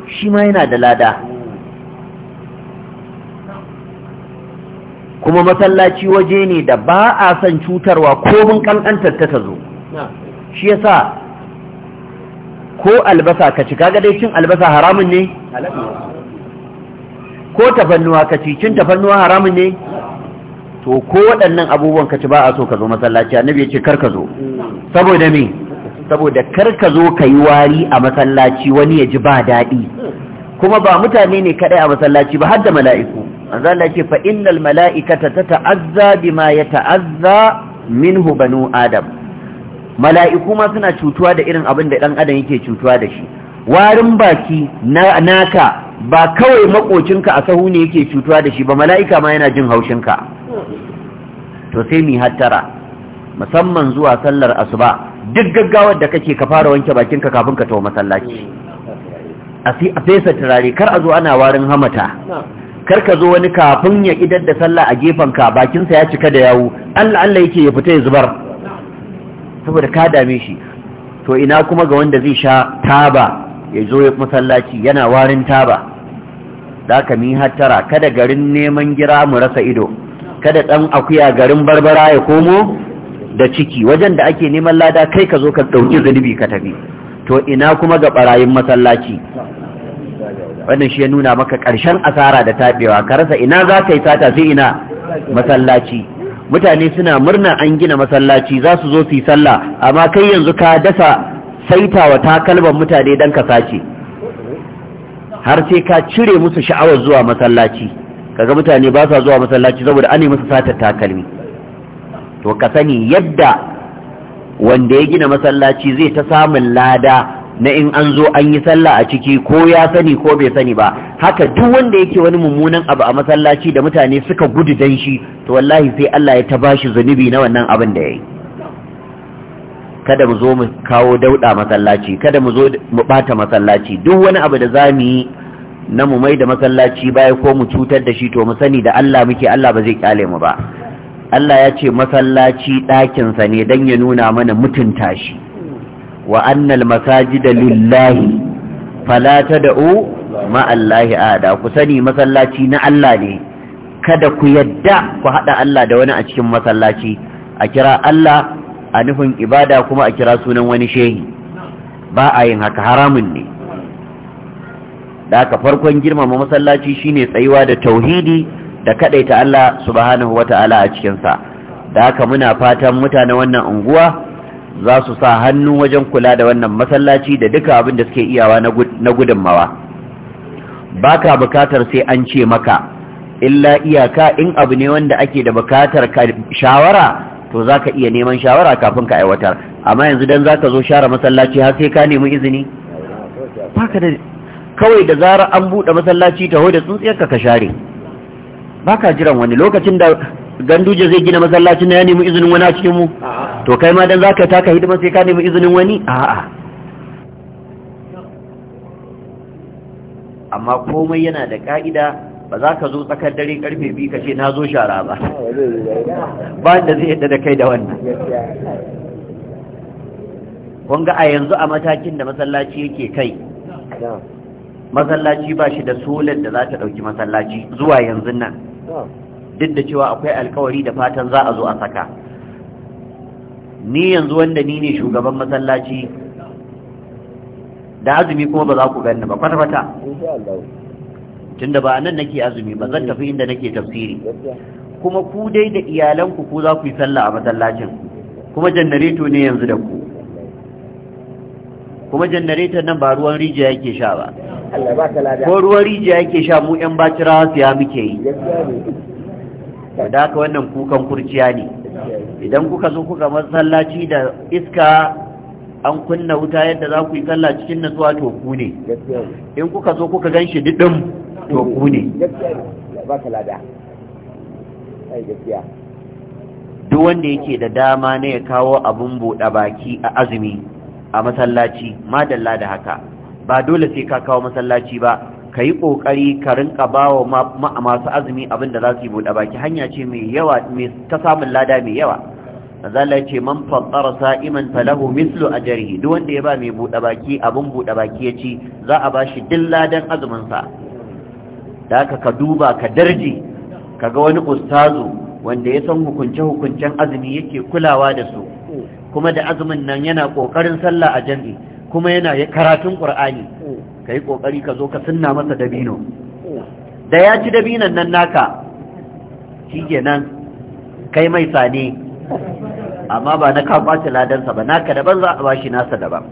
shi ma yana da lada kuma masallaci waje ne da ba a son cutarwa ko mun kankantar ta zo shi yasa ko albasa ka ci kaga dai cin albasa haramun ne ko tafannuwa ka ci cin tafannuwa haramun ne to ko waɗannan abubuwan ka ci ba a so ka zo masallaci annabi ya ce kar ka zo saboda me saboda kar ka zo ka yi wari a masallaci wani ya ji ba daɗi kuma ba mutane ne kaɗai a masallaci ba har da mala'iku manzo Allah ce fa innal mala'ikata tata'azza bima yata'azza minhu banu adam mala'iku ma suna cutuwa da irin abin da dan adam yake cutuwa da shi warin baki na naka ba kawai makocinka a sahu ne yake cutuwa da shi ba mala'ika ma yana jin haushinka to sai mi hattara musamman zuwa sallar asuba duk gaggawar da kake ka fara wanke bakinka kafin ka tawo masallaci a fesa turare kar a zo ana warin hamata kar ka zo wani kafin ya idar da sallah a gefen ka bakinsa ya cika da yawu Allah Allah yake ya fita ya zubar saboda ka dame shi to ina kuma ga wanda zai sha taba ya zo ya masallaci yana warin taba da ka mi hattara kada garin neman gira mu rasa ido kada ɗan akuya garin barbara ya komo da ciki wajen da ake neman lada kai ka zo ka ɗauki zunubi ka tafi to ina kuma ga ɓarayin masallaci wannan shi ya nuna maka ƙarshen asara da taɓewa ka rasa ina za ka yi sata sai ina masallaci mutane suna murna an gina masallaci za su zo su yi sallah amma kai yanzu ka dasa saita wa takalban mutane dan ka sace har sai ka cire musu sha'awar zuwa masallaci kaga mutane ba sa zuwa masallaci saboda an masa satar takalmi to ka sani yadda wanda ya gina masallaci zai ta samun lada na in an zo an yi sallah a ciki ko ya sani ko bai sani ba haka duk wanda yake wani mummunan abu a masallaci da mutane suka gudu dan shi to wallahi sai Allah ya ta bashi zunubi na wannan abin da yayi kada mu zo mu kawo dauda masallaci kada mu zo mu bata masallaci duk wani abu da zamu yi na mu mai da masallaci baya ko mu cutar da shi to mu sani da Allah muke Allah ba zai kyale mu ba Allah ya ce masallaci sa ne dan ya nuna mana mutunta shi wa annal masajida lillahi fala tad'u ma'allahi ada ku sani masallaci na Allah ne kada ku yadda ku hada Allah da wani a cikin masallaci a kira Allah a nufin ibada kuma a kira sunan wani shehi ba a yin haka haramun ne da aka farkon girmama masallaci shine tsayuwa da tauhidi da kadaita Allah subhanahu wata'ala a cikin sa da haka muna fatan mutane wannan unguwa za su sa hannu wajen kula da wannan masallaci da duka abin da suke iyawa na gudunmawa baka bukatar sai an ce maka illa iyaka in abu ne wanda ake da bukatar shawara to za ka iya neman shawara kafin ka aiwatar amma yanzu don za ka zo share masallaci har sai ka nemi izini kawai da zara an buɗe masallaci taho da tsuntsiyarka ka share ba ka jiran wani lokacin da ganduje zai gina masallaci na ya nemi izinin wani a cikin mu to kai ma dan za ka taka hidima sai ka nemi izinin wani a'a amma komai yana da ka'ida ba za ka zo tsakar dare karfe biyu ka ce na zo shara ba ba da zai yadda da kai da wannan kun ga a yanzu a matakin da masallaci yake kai masallaci ba shi da solar da za ta ɗauki masallaci zuwa yanzu nan duk da cewa akwai alkawari da fatan za a zo a saka ni yanzu wanda ni ne shugaban masallaci da azumi kuma ba za ku ganni ba kwata-kwata tunda ba nan nake azumi ba zan tafi inda nake tafsiri kuma ku dai da iyalanku ku za ku yi sallah a masallacin kuma janareto ne yanzu da ku kuma jannaretar nan ba ruwan rijiya yake sha ba ko ruwan rijiya yake sha mu yan bacira siya muke yi da wannan kukan kurciya ne idan kuka zo kuka masallaci da iska an kunna wuta yadda za ku yi kalla cikin nasuwa, to ku ne in kuka zo kuka gan shi to ku ne duk wanda yake da dama na ya kawo abin buɗe baki a azumi a masallaci madalla da haka ba dole sai ka kawo masallaci ba ka yi ƙoƙari ka rinka ba wa masu azumi abin da za su yi buɗe baki hanya ce mai yawa ta samun lada mai yawa zala ce man fattara sa'iman falahu mislu ajrihi duk wanda ya ba mai buɗe baki abin buɗe baki ya ci za a ba shi duk ladan azumin sa da haka ka duba ka darje kaga wani ustazu wanda ya san hukunce hukuncen azumi yake kulawa da su kuma da azumin nan yana kokarin sallah a jam'i kuma yana karatun Kur'ani. yi kokari ka zo ka sunna masa dabino da ya ci dabinan nan naka nan, kai mai sane amma ba na ka ladansa ba naka daban za a bashi nasa daban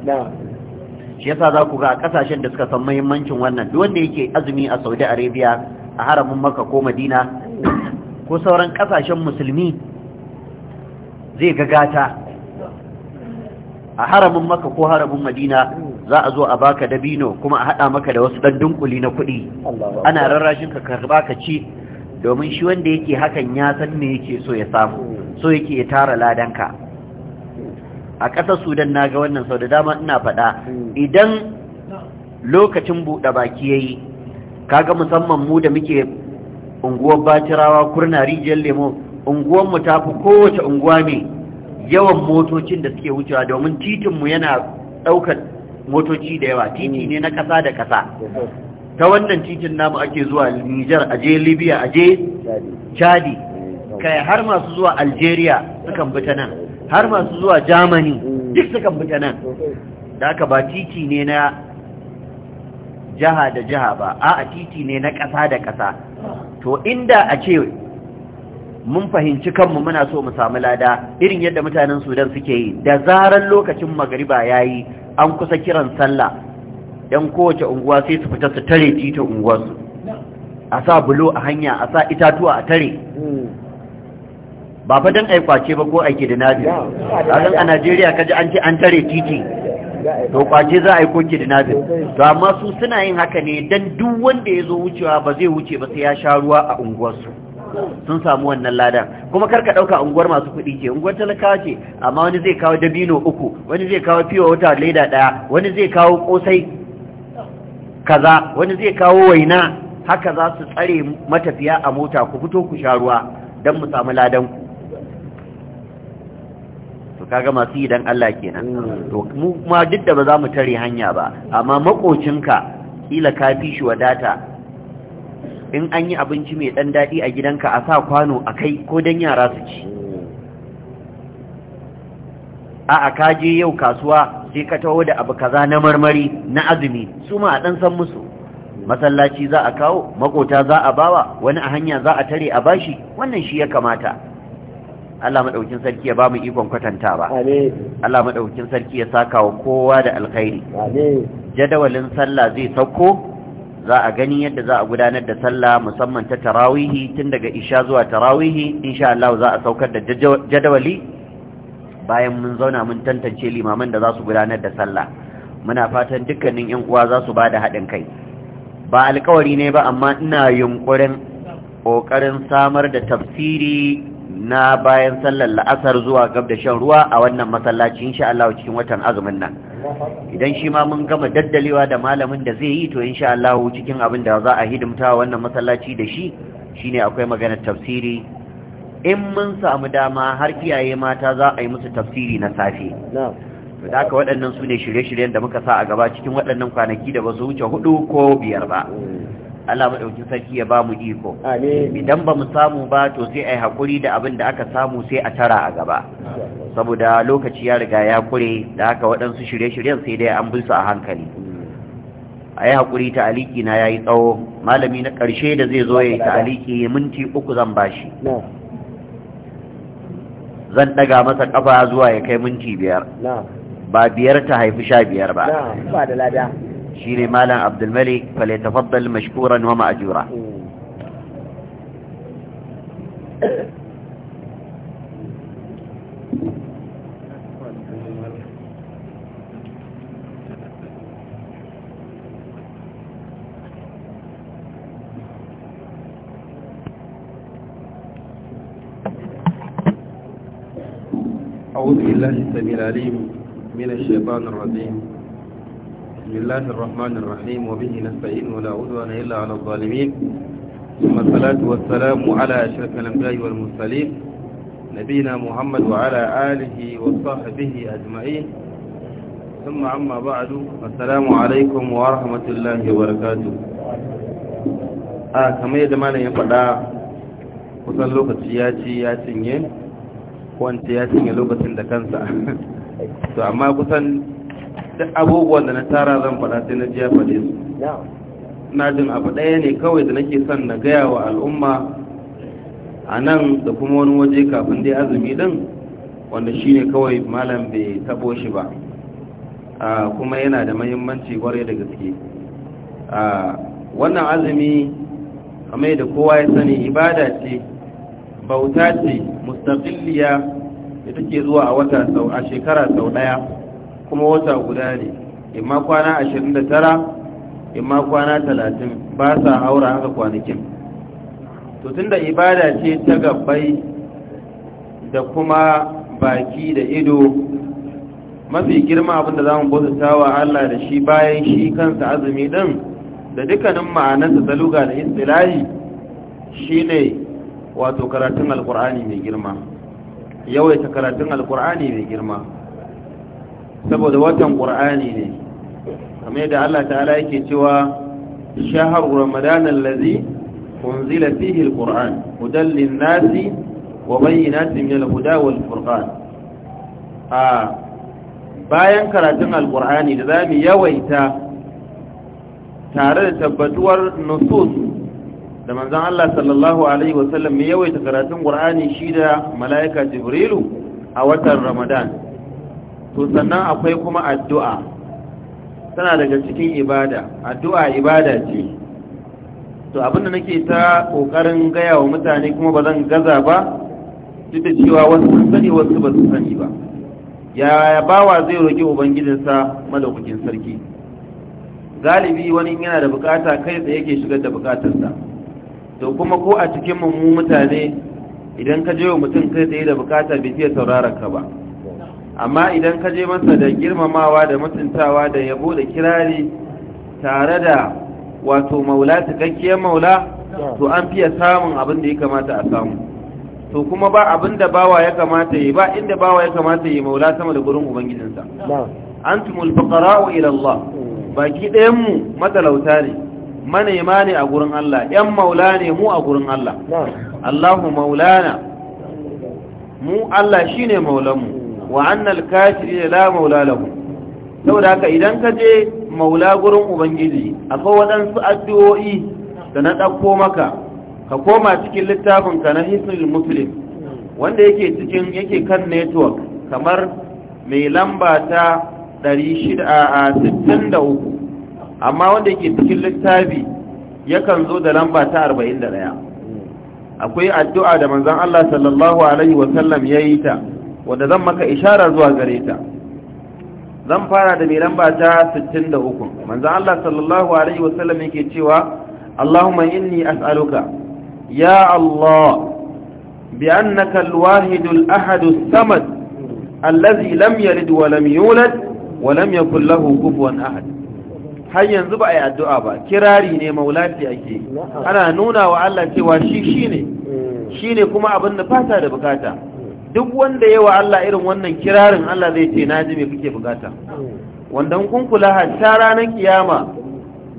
shi yasa za ku ga a ƙasashen da suka san muhimmancin wannan duk wanda yake azumi a Saudi Arabia a haramin Makka ko Madina ko sauran ƙasashen musulmi zai ga gata a haramin maka ko haramin madina za a zo a baka dabino kuma a haɗa maka da wasu ɗan dunkuli na kuɗi ana rarrashin ka karba ka ci domin shi wanda yake hakan ya san me yake so ya samu so yake ya tara ladanka a ƙasar sudan na ga wannan sau da dama ina faɗa idan lokacin buɗe baki ya yi kaga musamman mu da muke unguwar batirawa kurna rijiyar lemo unguwarmu ta fi kowace unguwa ne yawan motocin da suke wucewa domin titinmu yana ɗaukar motoci da yawa titi ne na ƙasa da ƙasa ta wannan titin namu ake zuwa Nijar aje Libya aje Chadi kai har masu zuwa Algeria sukan bi ta nan har masu zuwa Germany duk sukan bi ta nan da aka ba titi ne na jaha da jaha ba a titi ne na ƙasa da ƙasa to inda a ce mun fahimci kanmu muna so mu samu lada irin yadda mutanen sudan suke yi da zarar lokacin magariba ya yi an kusa kiran sallah yan kowace unguwa sai su fita su tare titin unguwarsu a sa bulo a hanya a sa itatuwa a tare ba fa don ai kwace ba ko aiki da nabi a a najeriya kaji an ce an tare titi to kwace za a yi koke da nabi to amma su suna yin haka ne don duk wanda ya zo wucewa ba zai wuce ba sai ya sha ruwa a unguwarsu sun samu wannan ladan kuma kar ka ɗauka unguwar masu kuɗi ce unguwar talakawa ce amma wani zai kawo dabino uku wani zai kawo fiye wata leda ɗaya wani zai kawo ƙosai kaza wani zai kawo waina haka za su tsare matafiya a mota ku fito ku sha ruwa don mu samu ladan ku kaga masu yi dan Allah kenan to mu ma duk da ba za mu tare hanya ba amma makocinka kila ka fi shi wadata in an yi abinci mai ɗan daɗi a gidanka a sa kwano a kai ko don yara su ci a a kaje yau kasuwa sai ka taho da abu kaza na marmari na azumi su ma a ɗan san musu masallaci za a kawo makota za a bawa wani a hanya za a tare a bashi wannan shi ya kamata Allah madaukin sarki ya ba mu ikon kwatanta ba Allah madaukin sarki ya saka wa kowa da alkhairi jadawalin sallah zai sauko za a gani yadda za a gudanar da sallah musamman ta tarawihi tun daga isha zuwa tarawihi insha Allah za a saukar da jadawali bayan mun zauna mun tantance limaman da za su gudanar da sallah muna fatan dukkanin yan uwa za su bada haɗin kai ba alkawari ne ba amma ina yunkurin ƙoƙarin samar da tafsiri na bayan sallar la'asar zuwa gab da shan ruwa a wannan masallaci insha Allah cikin watan azumin nan idan shi ma mun gama daddalewa da malamin da zai yi to insha Allah cikin abin da za a hidimta wannan masallaci da shi shine akwai maganar tafsiri in mun samu dama har kiyaye mata za a yi musu tafsiri na safe da haka waɗannan su shirye-shiryen da muka sa a gaba cikin waɗannan kwanaki da ba su wuce hudu ko biyar ba mm. Allah dauki sarki ya bamu iko idan ba mu samu ba to sai ai hakuri da abin da aka samu sai a tara a gaba saboda lokaci ya riga ya kure da haka waɗansu shirye-shiryen sai dai an bi su a hankali a yi haƙuri aliki na ya yi tsawo malami na ƙarshe da zai zo ya yi ta'aliki minti uku zan bashi zan ɗaga masa ƙafa zuwa ya kai minti biyar ba biyar ta haifi sha biyar ba شيري مالا عبد الملك فليتفضل مشكورا ومأجورا أعوذ بالله السميع العليم من الشيطان الرجيم بسم الله الرحمن الرحيم وبه نستعين ولا عدوان إلا على الظالمين ثم الصلاة والسلام على أشرف الأنبياء والمرسلين نبينا محمد وعلى آله وصحبه أجمعين ثم عما بعد السلام عليكم ورحمة الله وبركاته a kamar yadda malam ya faɗa kusan lokaci ya ci ya cinye ko ya cinye lokacin da kansa to amma kusan duk abubuwan da na tara zan fada sai na jiya fade su na jin abu ɗaya ne kawai da nake son na gaya wa al'umma a nan da kuma wani waje kafin dai azumi din wanda shi ne kawai malam bai tabo shi ba kuma yana da mahimmanci kwarai da gaske wannan azumi kamar da kowa ya sani ibada ce bauta ce mustaqilliya da take zuwa a shekara sau ɗaya kuma wata guda ne imma kwana 29 imma kwana 30 ba sa haura haka kwanakin to tunda ibada ce ta gabbai da kuma baki da ido mafi girma abinda za mu bautata wa Allah da shi bayan shi kansa azumi din da dukkanin ma'anarsa ta luga da istilahi shine wato karatun alkur'ani mai girma yawaita karatun alkur'ani mai girma saboda watan ƙur'ani ne kamar da Allah ta'ala yake cewa shahar ramadan allazi unzila fihi alquran hudan lin-nasi wa bayyinatin min alhuda wal-furqan a bayan karatun alqur'ani da zamu yawaita tare da tabbatuwar nusus da manzon Allah sallallahu alaihi wasallam yawaita karatun qur'ani shida malaika jibrilu a watan ramadan to sannan akwai kuma addu'a tana daga cikin ibada addu'a ibada ce to abinda nake ta kokarin gaya wa mutane kuma ba zan gaza ba duk da cewa wasu sun sani wasu ba su sani ba ya bawa zai roƙi ubangijinsa malaukakin sarki galibi wani yana da bukata kai tsaye yake shigar da bukatarsa to kuma ko a cikin mu mutane idan ka je wa mutum kai tsaye da bukata bai iya saurara ka ba amma idan ka je masa da girmamawa da mutuntawa da yabo da kirari tare da wato maula cikakkiyar maula to an fiye samun abin da ya kamata a samu to kuma ba abin da bawa ya kamata yi ba inda bawa ya kamata yi maula sama da gurin ubangijinsa An tumul ila ilallah baki ɗayan mu matalauta ne manema ne a gurin Allah ɗan maula ne mu a gurin Allah Allahu maulana mu Allah shi shine maulanmu wa annal kafiri la maula lahu saboda haka idan ka je maula gurin ubangiji akwai waɗansu addu'o'i da na ɗauko maka ka koma cikin littafin ka na hisnul muslim wanda yake cikin yake kan network kamar mai lamba ta 663 amma wanda yake cikin littafi yakan zo da lamba ta 41 akwai addu'a da manzon Allah sallallahu alaihi wa ya yi ta wadda zan maka ishara zuwa gare ta zan fara da mai lamba ta 63 manzon Allah sallallahu alaihi wasallam yake cewa Allahumma inni as'aluka ya Allah bi annaka al-wahid al samad allazi lam yalid wa lam yulad wa lam yakul lahu kufuwan ahad har yanzu ba a yi addu'a ba kirari ne maulati ake ana nuna wa Allah cewa shi shine kuma abin da fata da bukata duk wanda yawa Allah irin wannan kirarin Allah zai ce naji mai kuke bukata wanda kun kula hatta ranar kiyama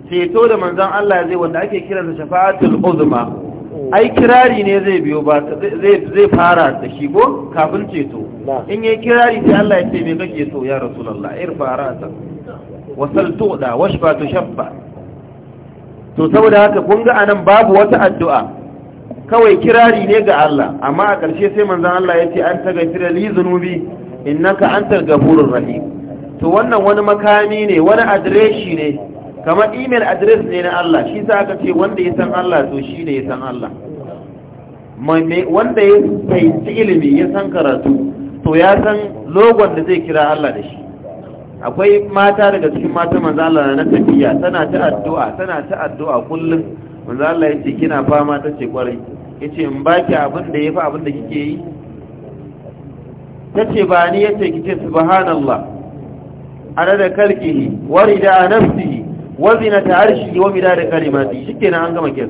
ceto da manzan Allah zai wanda ake kiransa shafa'atul uzma ai kirari ne zai biyo ba zai zai fara da shi ko kafin ceto in yayi kirari sai Allah ya ce me kake so ya rasulullah fara ta wasal tuda washfa tushaffa to saboda haka kun ga anan babu wata addu'a kawai kirari ne ga Allah amma a ƙarshe sai manzan Allah ya ce an ta gafira li zunubi innaka antal gafurur rahim to wannan wani makami ne wani adireshi ne kamar email address ne na Allah shi sa aka ce wanda ya san Allah to shi ne ya san Allah wanda ya fahimci ilimi ya san karatu to ya san logon da zai kira Allah da shi akwai mata daga cikin mata manzan Allah na tafiya tana ta addu'a tana ta addu'a kullum manzan Allah yace kina fama ta ce kwarai ya ce in ba ki abin da ya fi abin da kike yi ta ce ba ni ya ce ki ce subhanallah ana da kalkihi wari da a nafsihi wazina ta wa mida da kalimati shi ke an gama kes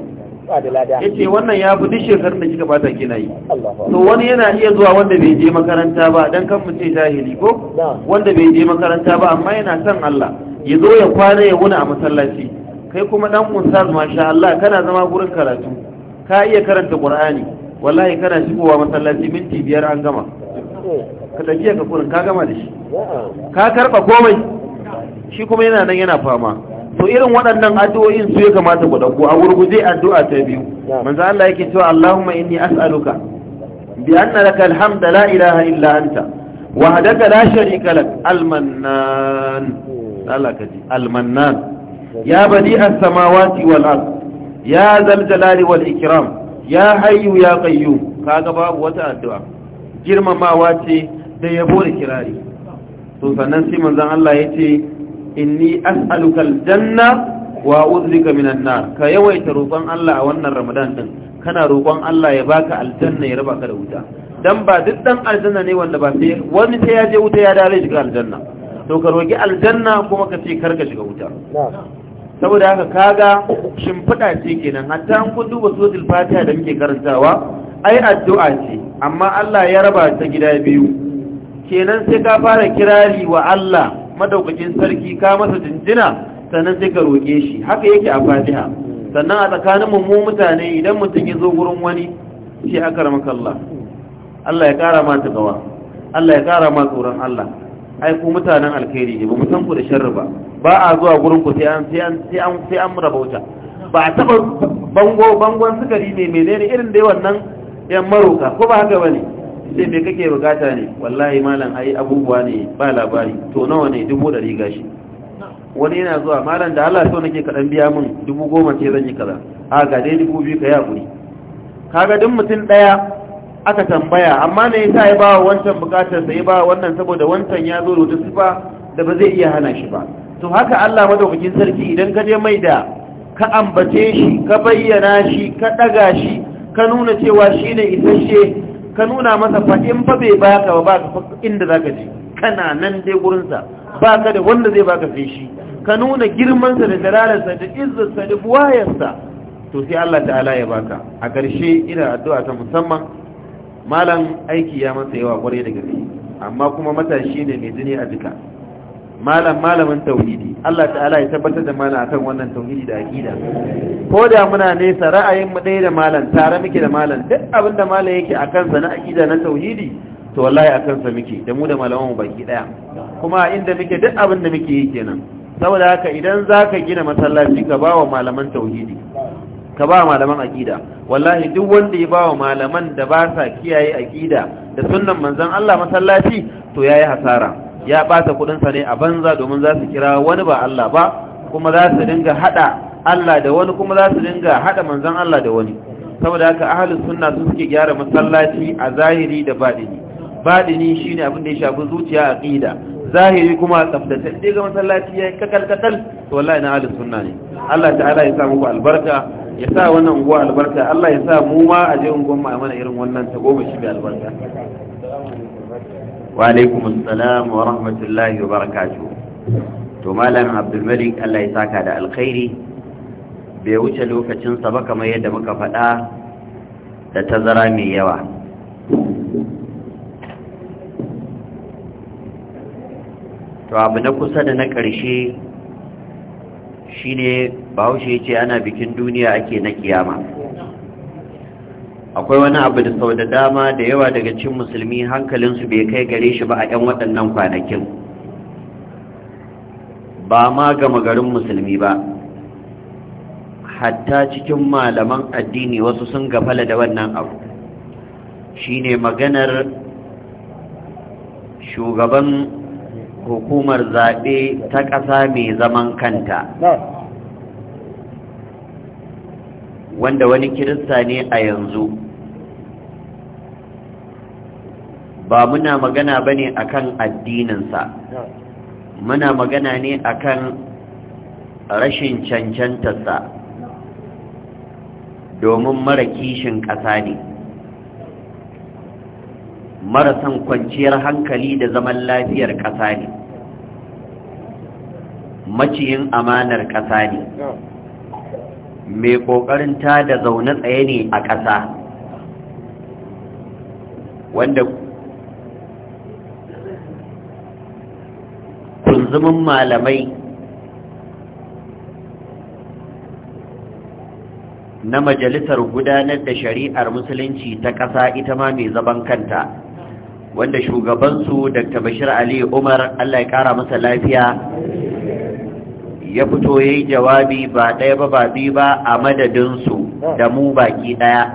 ya ce wannan ya fi dishe shekarun da kika bata kina yi to wani yana iya zuwa wanda bai je makaranta ba dan kan mu ce jahili ko wanda bai je makaranta ba amma yana son Allah ya zo ya kwana ya wuna a masallaci kai kuma dan musa masha Allah kana zama gurin karatu ka iya karanta qur'ani wallahi kana shigowa masallaci minti biyar an gama ka tafiya ka kurin ka gama da shi ka karba komai shi kuma yana nan yana fama to irin waɗannan addu'o'in su ya kamata ku dauko a gurguje addu'a ta biyu manzo Allah yake cewa Allahumma inni as'aluka bi anna laka alhamda la ilaha illa anta wahdaka la sharika lak almannan Allah kaji almannan ya badi as-samawati wal ardh ya zal jalali wal ikram ya hayyu ya qayyum kaga babu wata addu'a girmamawa ce da yabo da kirari to sannan sai manzon Allah yace inni as'aluka aljanna wa uzrika minan nar ka yawaita roƙon Allah a wannan Ramadan din kana roƙon Allah ya baka aljanna ya raba ka da wuta dan ba duk dan aljanna ne wanda ba sai wani sai ya je wuta ya dare shiga aljanna to ka roki aljanna kuma ka ce kar ka shiga wuta saboda haka kaga shimfiɗa ce kenan hatta an kun duba suratul fatiha da muke karantawa ai addu'a ce amma Allah ya raba ta gida biyu kenan sai ka fara kirari wa Allah madaukakin sarki ka masa jinjina sannan sai ka roƙe shi haka yake a fatiha sannan a tsakanin mu mutane idan mutum ya zo gurin wani shi aka ramaka Allah Allah ya kara ma ta gawa Allah ya kara ma tsoron Allah ai ku mutanen alkhairi ne ba mu san ku da sharri ba ba a zuwa gurin ku sai an sai an ba a taba bango bangon sukari ne menene irin dai wannan yan maroka ko ba haka bane sai me kake bukata ne wallahi malam ai abubuwa ne ba labari to nawa ne dubu dari gashi wani yana zuwa malam da Allah so nake kaɗan biya min dubu goma ce zan yi kaza a ga dai dubu biyu ka yi hakuri kaga duk mutum ɗaya aka tambaya amma ne yasa ya ba wancan bukatar sai ba wannan saboda wancan ya zo da sifa da ba zai iya hana shi ba to haka Allah madaukakin sarki idan ka je mai da ka ambace shi ka bayyana shi ka daga shi ka nuna cewa shine isasshe ka nuna masa fa in fa bai baka ba baka inda zaka je kana nan dai gurin sa baka da wanda zai baka sai shi ka nuna girman sa da jalalar sa da izzar sa da buwayar sa to sai Allah ta'ala ya baka a ƙarshe ina addu'a ta musamman malam aiki ya masa yawa kwarai da gaske amma kuma matashi ne mai jini a jika malam malamin tauhidi Allah ta'ala ya tabbatar da mana akan wannan tauhidi da aqida ko da muna nesa ra'ayin mu ɗaya da malam tare muke da malam duk abin malam yake akan sa na aqida na tauhidi to wallahi akan sa muke da mu da malaman mu baki daya kuma inda muke duk abin muke yi kenan saboda haka idan zaka gina masallaci ka bawa malaman tauhidi ka ba malaman aqida wallahi duk wanda ya bawa malaman da ba sa kiyaye aqida da sunnan manzon Allah masallaci to yayi hasara ya ɓata kuɗinsa ne a banza domin za su kira wani ba Allah ba kuma za su dinga haɗa Allah da wani kuma za su dinga haɗa manzan Allah da wani saboda haka ahalus sunna su suke gyara masallaci a zahiri da baɗini baɗini shine abin da ya shafi zuciya a ƙida zahiri kuma tsaftace sai ga masallaci ya yi kakal to wallahi na ahlus ne Allah ta'ala ya sa muku albarka ya sa wannan unguwa albarka Allah ya sa mu ma a je unguwar mu a mana irin wannan ta goma shi da albarka wa alaikum wa rahmatullahi wa barakatuh to malam abdulmalik Allah ya saka da alkhairi bai wuce lokacin sa ba kamar yadda muka faɗa da tazara mai yawa to abu na kusa da na ƙarshe shine bahaushe ce ana bikin duniya ake na kiyama akwai wani abu da sau da dama da yawa daga cin musulmi hankalinsu bai kai gare shi ba a 'yan waɗannan kwanakin ba ma gama garin musulmi ba hatta cikin malaman addini wasu sun gafala da wannan abu shine maganar shugaban hukumar zaɓe ta ƙasa mai zaman kanta wanda wani kirista ne a yanzu ba muna magana ba ne a kan addininsa muna magana ne a kan rashin cancantarsa domin mara kishin ƙasa ne marasan kwanciyar hankali da zaman lafiyar ƙasa ne maciyin amanar ƙasa ne mai ƙoƙarin ta da zaune tsaye ne a ƙasa wanda kunzumin malamai na majalisar gudanar da shari'ar musulunci ta ƙasa ita ma mai zaban kanta wanda shugabansu dr bashir ali umar allah ya ƙara masa lafiya ya fito ya yi jawabi ba ɗaya ba ba biyu ba a madadinsu da mu baki ɗaya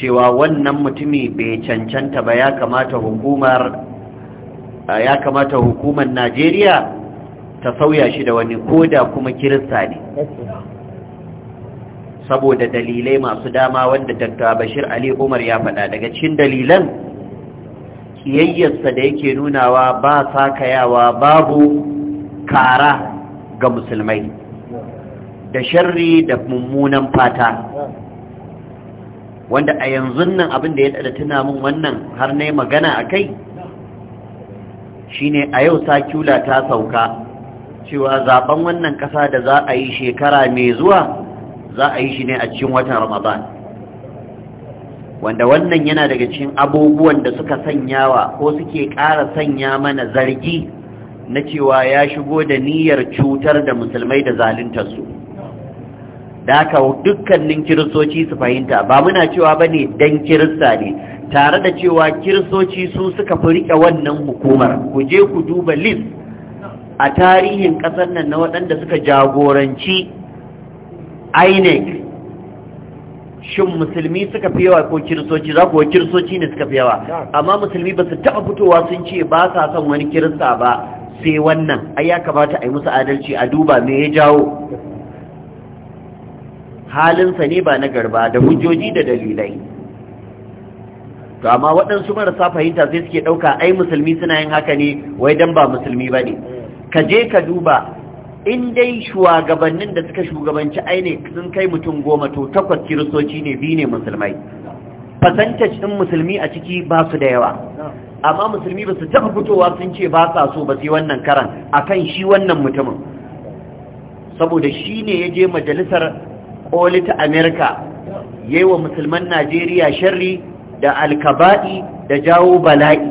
cewa wannan mutumi bai cancanta ba ya kamata hukumar ya kamata hukumar najeriya ta sauya shi da wani koda kuma kirista ne saboda dalilai masu dama wanda dr bashir ali umar ya faɗa daga cikin dalilan kiyayyarsa da yake nunawa ba sa kayawa babu kara ga musulmai da sharri da mummunan fata wanda a yanzu nan abin da ya ɗada tuna min wannan har na magana a kai shine a yau sakula ta sauka cewa zaben wannan ƙasa da za a yi shekara mai zuwa za a yi shi ne a cikin watan ramadan wanda wannan yana daga cikin abubuwan da suka sanyawa ko suke ƙara sanya mana zargi na cewa ya shigo da niyyar cutar da musulmai da zaluntarsu da haka dukkanin kiristoci su fahimta ba muna cewa bane dan kirista ne tare da cewa kirsoci su suka fi wannan hukumar ku je ku duba list a tarihin ƙasar nan na waɗanda suka jagoranci inec shin musulmi suka fi yawa ko kirsoci za kuwa kirsoci ne suka fi yawa amma musulmi ba su taɓa fitowa sun ce ba sa son wani kirista ba sai wannan ai ya kamata a yi musu adalci a duba me ya jawo halinsa ne ba na garba da hujjoji da dalilai to amma waɗansu marasa fahimta sai suke ɗauka ai musulmi suna yin haka ne wai dan ba musulmi ba ne ka je ka duba in dai shugabannin da suka shugabanci aine sun kai mutum goma to takwas kiristoci ne biyu ne musulmai fasantac ɗin musulmi a ciki ba su da yawa amma musulmi ba su taɓa fitowa sun ce ba sa so ba sai wannan karan akan shi wannan mutumin saboda shi ne ya je majalisar ƙoli ta amerika yi wa musulman najeriya sharri da alkaba'i da jawo bala'i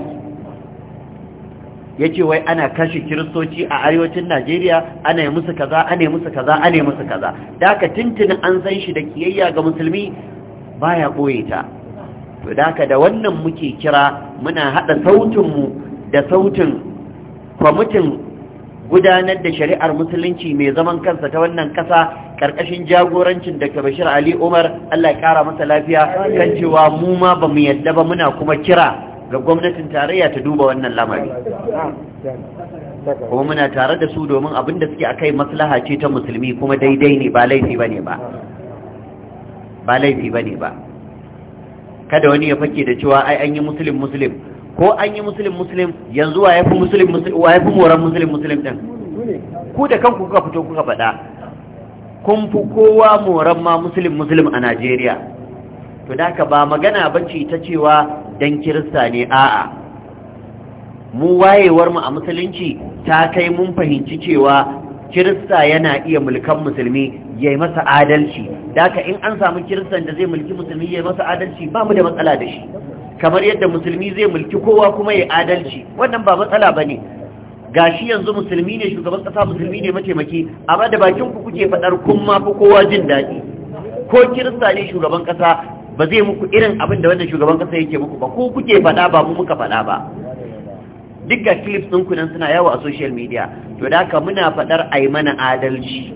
yace wai ana kashe kiristoci a arewacin Najeriya ana yi musu kaza ana yi musu kaza ana yi musu kaza da ka tintin an san shi da kiyayya ga musulmi baya boye ta to da ka da wannan muke kira muna hada sautin mu da sautin kwamitin gudanar da shari'ar musulunci mai zaman kansa ta wannan kasa karkashin jagorancin Dr. Bashir Ali Umar Allah ya kara masa lafiya kan cewa mu ma ba mu yadda ba muna kuma kira ga gwamnatin tarayya ta duba wannan lamari kuma muna tare da su domin abin da suke kai maslaha ce ta musulmi kuma daidai ne ba laifi bane ba ba laifi bane ba kada wani ya fake da cewa ai an yi muslim ko an yi muslim muslim yanzu wa yafi musulun wa yafi moran muslim musulun ɗin ku da kanku kuka fito kuka faɗa kun fi kowa moran ma muslim muslim a Najeriya to da ka ba magana ce ta cewa dan kirista ne a'a mu wayewar mu a musulunci ta kai mun fahimci cewa kirista yana iya mulkan musulmi ya yi masa adalci da in an samu kiristan da zai mulki musulmi ya yi masa adalci ba mu da matsala da shi kamar yadda musulmi zai mulki kowa kuma ya adalci wannan ba matsala bane shi yanzu musulmi ne shugaban kasa musulmi ne mataimaki amma da bakin ku kuke fadar kun ma kowa jin daɗi ko kirista ne shugaban kasa ba zai muku irin abin da wannan shugaban kasa yake muku ba ko kuke faɗa ba mu muka faɗa ba duk ga clips ɗin nan suna yawo a social media to da haka muna faɗar ai mana adalci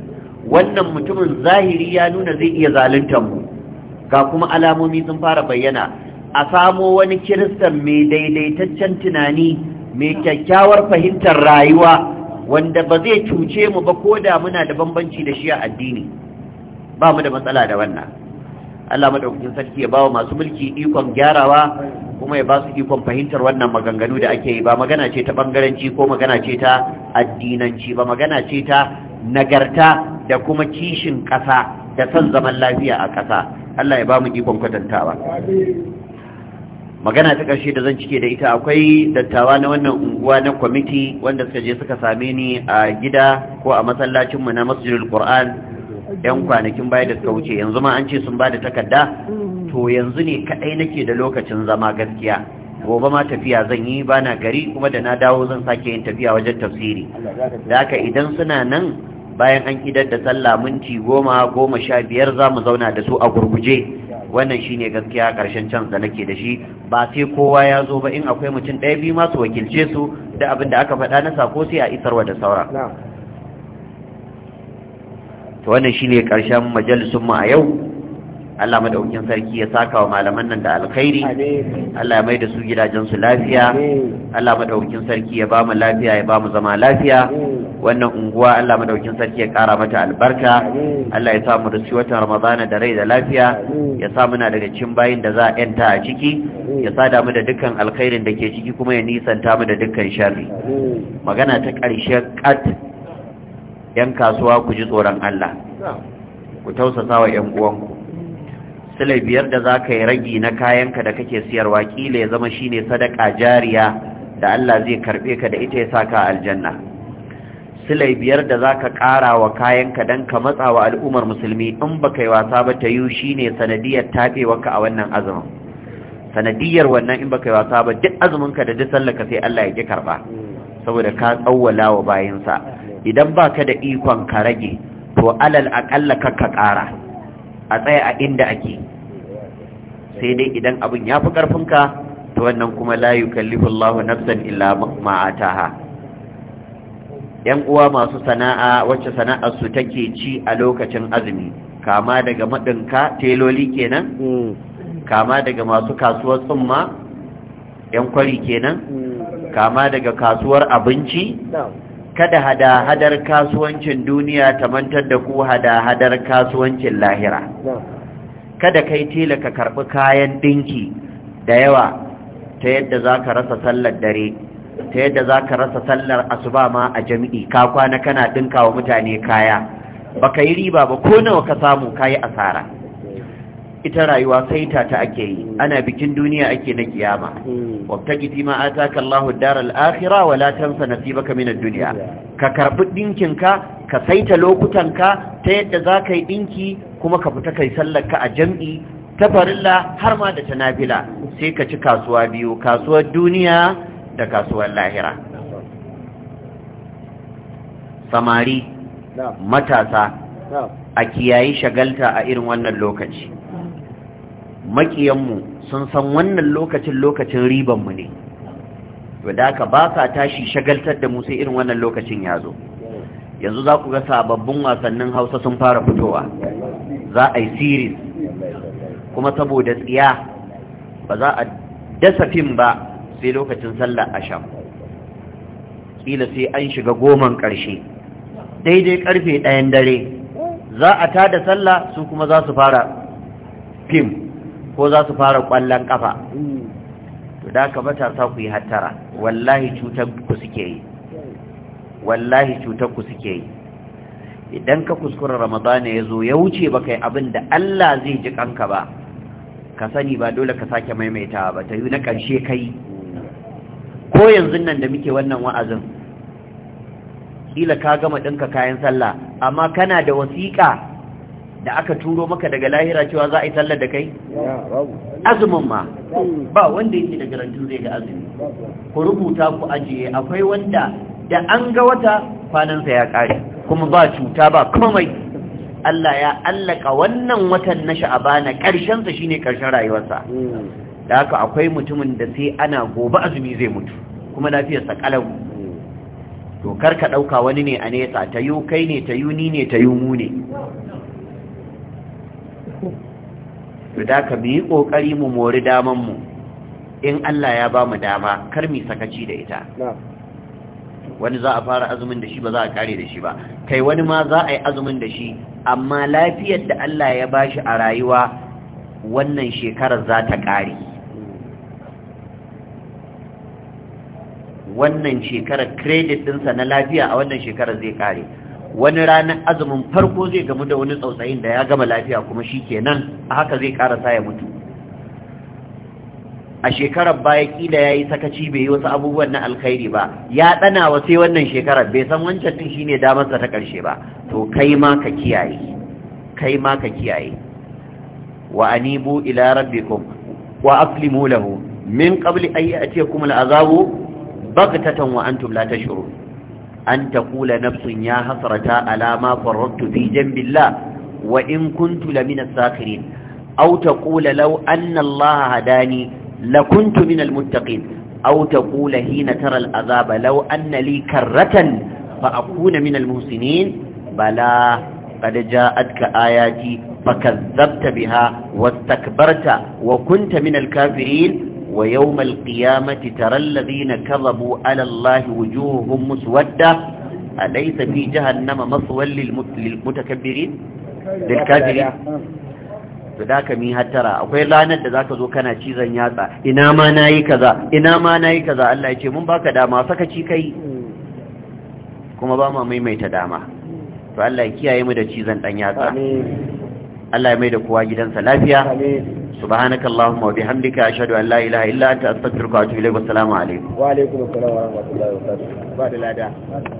wannan mutumin zahiri ya nuna zai iya zaluntar mu ga kuma alamomi sun fara bayyana a samo wani kiristan mai daidaitaccen tunani mai kyakkyawar fahimtar rayuwa wanda ba zai cuce mu ba ko da muna da bambanci da shi a addini ba mu da matsala da wannan Allah madaukakin sarki ya bawa masu mulki ikon gyarawa kuma ya ba su ikon fahimtar wannan maganganu da ake yi ba magana ce ta bangaranci ko magana ce ta addinanci ba magana ce ta nagarta da kuma kishin ƙasa da son zaman lafiya a ƙasa Allah ya ba mu ikon kwatantawa magana ta ƙarshe da zan cike da ita akwai dattawa na wannan unguwa na kwamiti wanda suka je suka same ni a gida ko a masallacinmu na masjidul qur'an yan kwanakin baya da suka wuce yanzu ma an ce sun ba da takarda to yanzu ne kaɗai nake da lokacin zama gaskiya gobe ma tafiya zan yi ba na gari kuma da na dawo zan sake yin tafiya wajen tafsiri da haka idan suna nan bayan an idar da sallah minti goma goma sha biyar za mu zauna da su a gurguje wannan shine gaskiya karshen can da nake da shi ba sai kowa ya zo ba in akwai mutum ɗaya biyu masu wakilce su da abin da aka faɗa na sako sai a isarwa da saura to wannan shine karshen majalisun mu a yau Allah madaukakin sarki ya saka wa malaman nan da alkhairi Allah ya mai da su gidajen su lafiya Allah madaukakin sarki ya ba mu lafiya ya ba mu zama lafiya wannan unguwa Allah madaukakin sarki ya kara mata albarka Allah ya sa mu rusi watan Ramadana da rai da lafiya ya sa muna daga cikin bayin da za a yanta a ciki ya sada mu da dukkan alkhairin da ke ciki kuma ya nisanta mu da dukkan sharri magana ta ƙarshe kat yan kasuwa ku ji tsoron Allah ku tausasa wa 'yan uwanku silai biyar da za ka yi ragi na kayanka da kake siyarwa kila ya zama shine sadaka jariya da Allah zai karbe ka da ita ya saka aljanna sila biyar da za ka ƙara wa kayanka don ka matsa wa al'ummar musulmi in ba ka yi wasa ba ta yi shi ne sanadiyar taɓewarka a wannan azumin sanadiyar wannan in ba ka yi wasa ba duk azuminka da duk sallaka sai Allah ya ki karɓa saboda ka tsawwala wa bayansa idan ba ka da ikon ka rage to alal aƙalla ka ka ƙara a tsaya a inda ake sai dai idan abin ya fi ƙarfinka to wannan kuma la yukallifu Allahu nafsan illa ma ataha yan uwa masu sana'a wacce sana'ar su take ci a lokacin azumi kama daga madinka teloli kenan kama daga masu kasuwar tsumma yan kwari kenan kama daga kasuwar abinci kada hada-hadar kasuwancin duniya ta mantar da ku hada-hadar kasuwancin lahira kada kai tila ka karɓi kayan dinki da yawa ta yadda za ka rasa sallar dare ta yadda za ka rasa sallar asuba ma a jami'i ka kwana kana ɗinka wa mutane kaya ba ka yi riba ba ko nawa ka samu ka yi asara ita rayuwa saita ta ake yi ana bikin duniya ake na kiyama hmm. Wata giti ma ataka Allahu daral akhira wa la tansa nasibaka min ad ka karɓi dinkin ka ka saita lokutan ka ta yadda ka yi dinki kuma ka fita kai sallar ka a jam'i. ta farilla har ma da tanafila sai ka ci kasuwa biyu kasuwar duniya da kasuwar lahira samari matasa a kiyayi shagalta a irin wannan lokaci makiyanmu sun san wannan lokacin lokacin mu ne da ka ba sa tashi shagaltar da mu sai irin wannan lokacin ya zo yanzu za ku ga sababbin wasannin hausa sun fara fitowa za a yi series kuma saboda tsiya ba za a dasa fim ba sai lokacin sallar asham kila sai an shiga goman ƙarshe daidai ƙarfe ɗayan dare za a tada sallah su kuma za su fara fim ko za su fara ƙwallon kafa mm. to da ka matasa ku yi hattara wallahi cutar ku suke yi wallahi cutar suke yi idan ka kuskura ramadana ya zo ya wuce ba kai abin da Allah zai ji kanka ba ka sani ba dole ka sake maimaitawa ba ta yi na ƙarshe kai ko yanzu nan da muke wannan wa'azin kila ka gama ɗinka kayan sallah amma kana da wasiƙa da aka turo maka daga lahira cewa za a yi sallar da kai? azumin ma ba wanda yake da garantin zai ga azumi ku rubuta ku ajiye akwai wanda da an ga wata kwanansa ya kare kuma ba cuta ba kuma mai. Allah ya allaka wannan watan na sha'abana sa shine karshen rayuwarsa hmm. da haka akwai mutumin da sai ana gobe azumi zai mutu kuma lafiyarsa kalau hmm. to kar ka ɗauka wani ne a nesa ta yi kai ne ta ni ne ta ne da ka bi kokari mu mori daman mu in Allah ya ba mu dama kar mi sakaci da ita wani za a fara azumin da shi ba za a kare da shi ba kai wani ma za a yi azumin da shi amma lafiyar da Allah ya ba shi a rayuwa wannan shekarar za ta kare wannan shekarar credit dinsa na lafiya a wannan shekarar zai kare wani ranar azumin farko zai gamu da wani tsautsayin da ya gama lafiya kuma shi kenan a haka zai karasa ya mutu a shekarar baya kila ya yi sakaci bai yi wasu abubuwan na alkhairi ba ya ɗana wa sai wannan shekarar bai san wancan ɗin ne damarsa ta ƙarshe ba to kai ma ka kiyaye kai ma ka kiyaye wa anibu ila rabbikum wa aslimu lahu min qabli an ya'tiyakum al'azabu baghtatan wa antum la tash'urun an kula nafsun ya hasrata alama ma farrattu billa. wa in kuntu lamina sakhirin aw taqula law anna allaha hadani lakuntu minal muttaqin aw taqula hina tara al azaba law anna karratan fa akuna minal muhsinin bala قد جاءتك آياتي biha بها wa kunta minal kafirin ويوم القيامة ترى الذين كذبوا على الله وجوههم مسودة أليس في جهنم مصوى للمتكبرين للكافرين فذاك مي هترى akwai ranar da zaka zo kana cizon yatsa ina ma nayi kaza ina ma nayi kaza Allah ce mun baka dama sakaci kai kuma ba maimaita dama to Allah ya kiyaye mu da cizon dan yatsa Allah ya mai da kowa gidansa lafiya subhanaka allahumma wa bihamdika ashhadu an la ilaha illa anta astaghfiruka wa atubu ilayk wa assalamu alaikum wa alaikum assalam wa ba da lada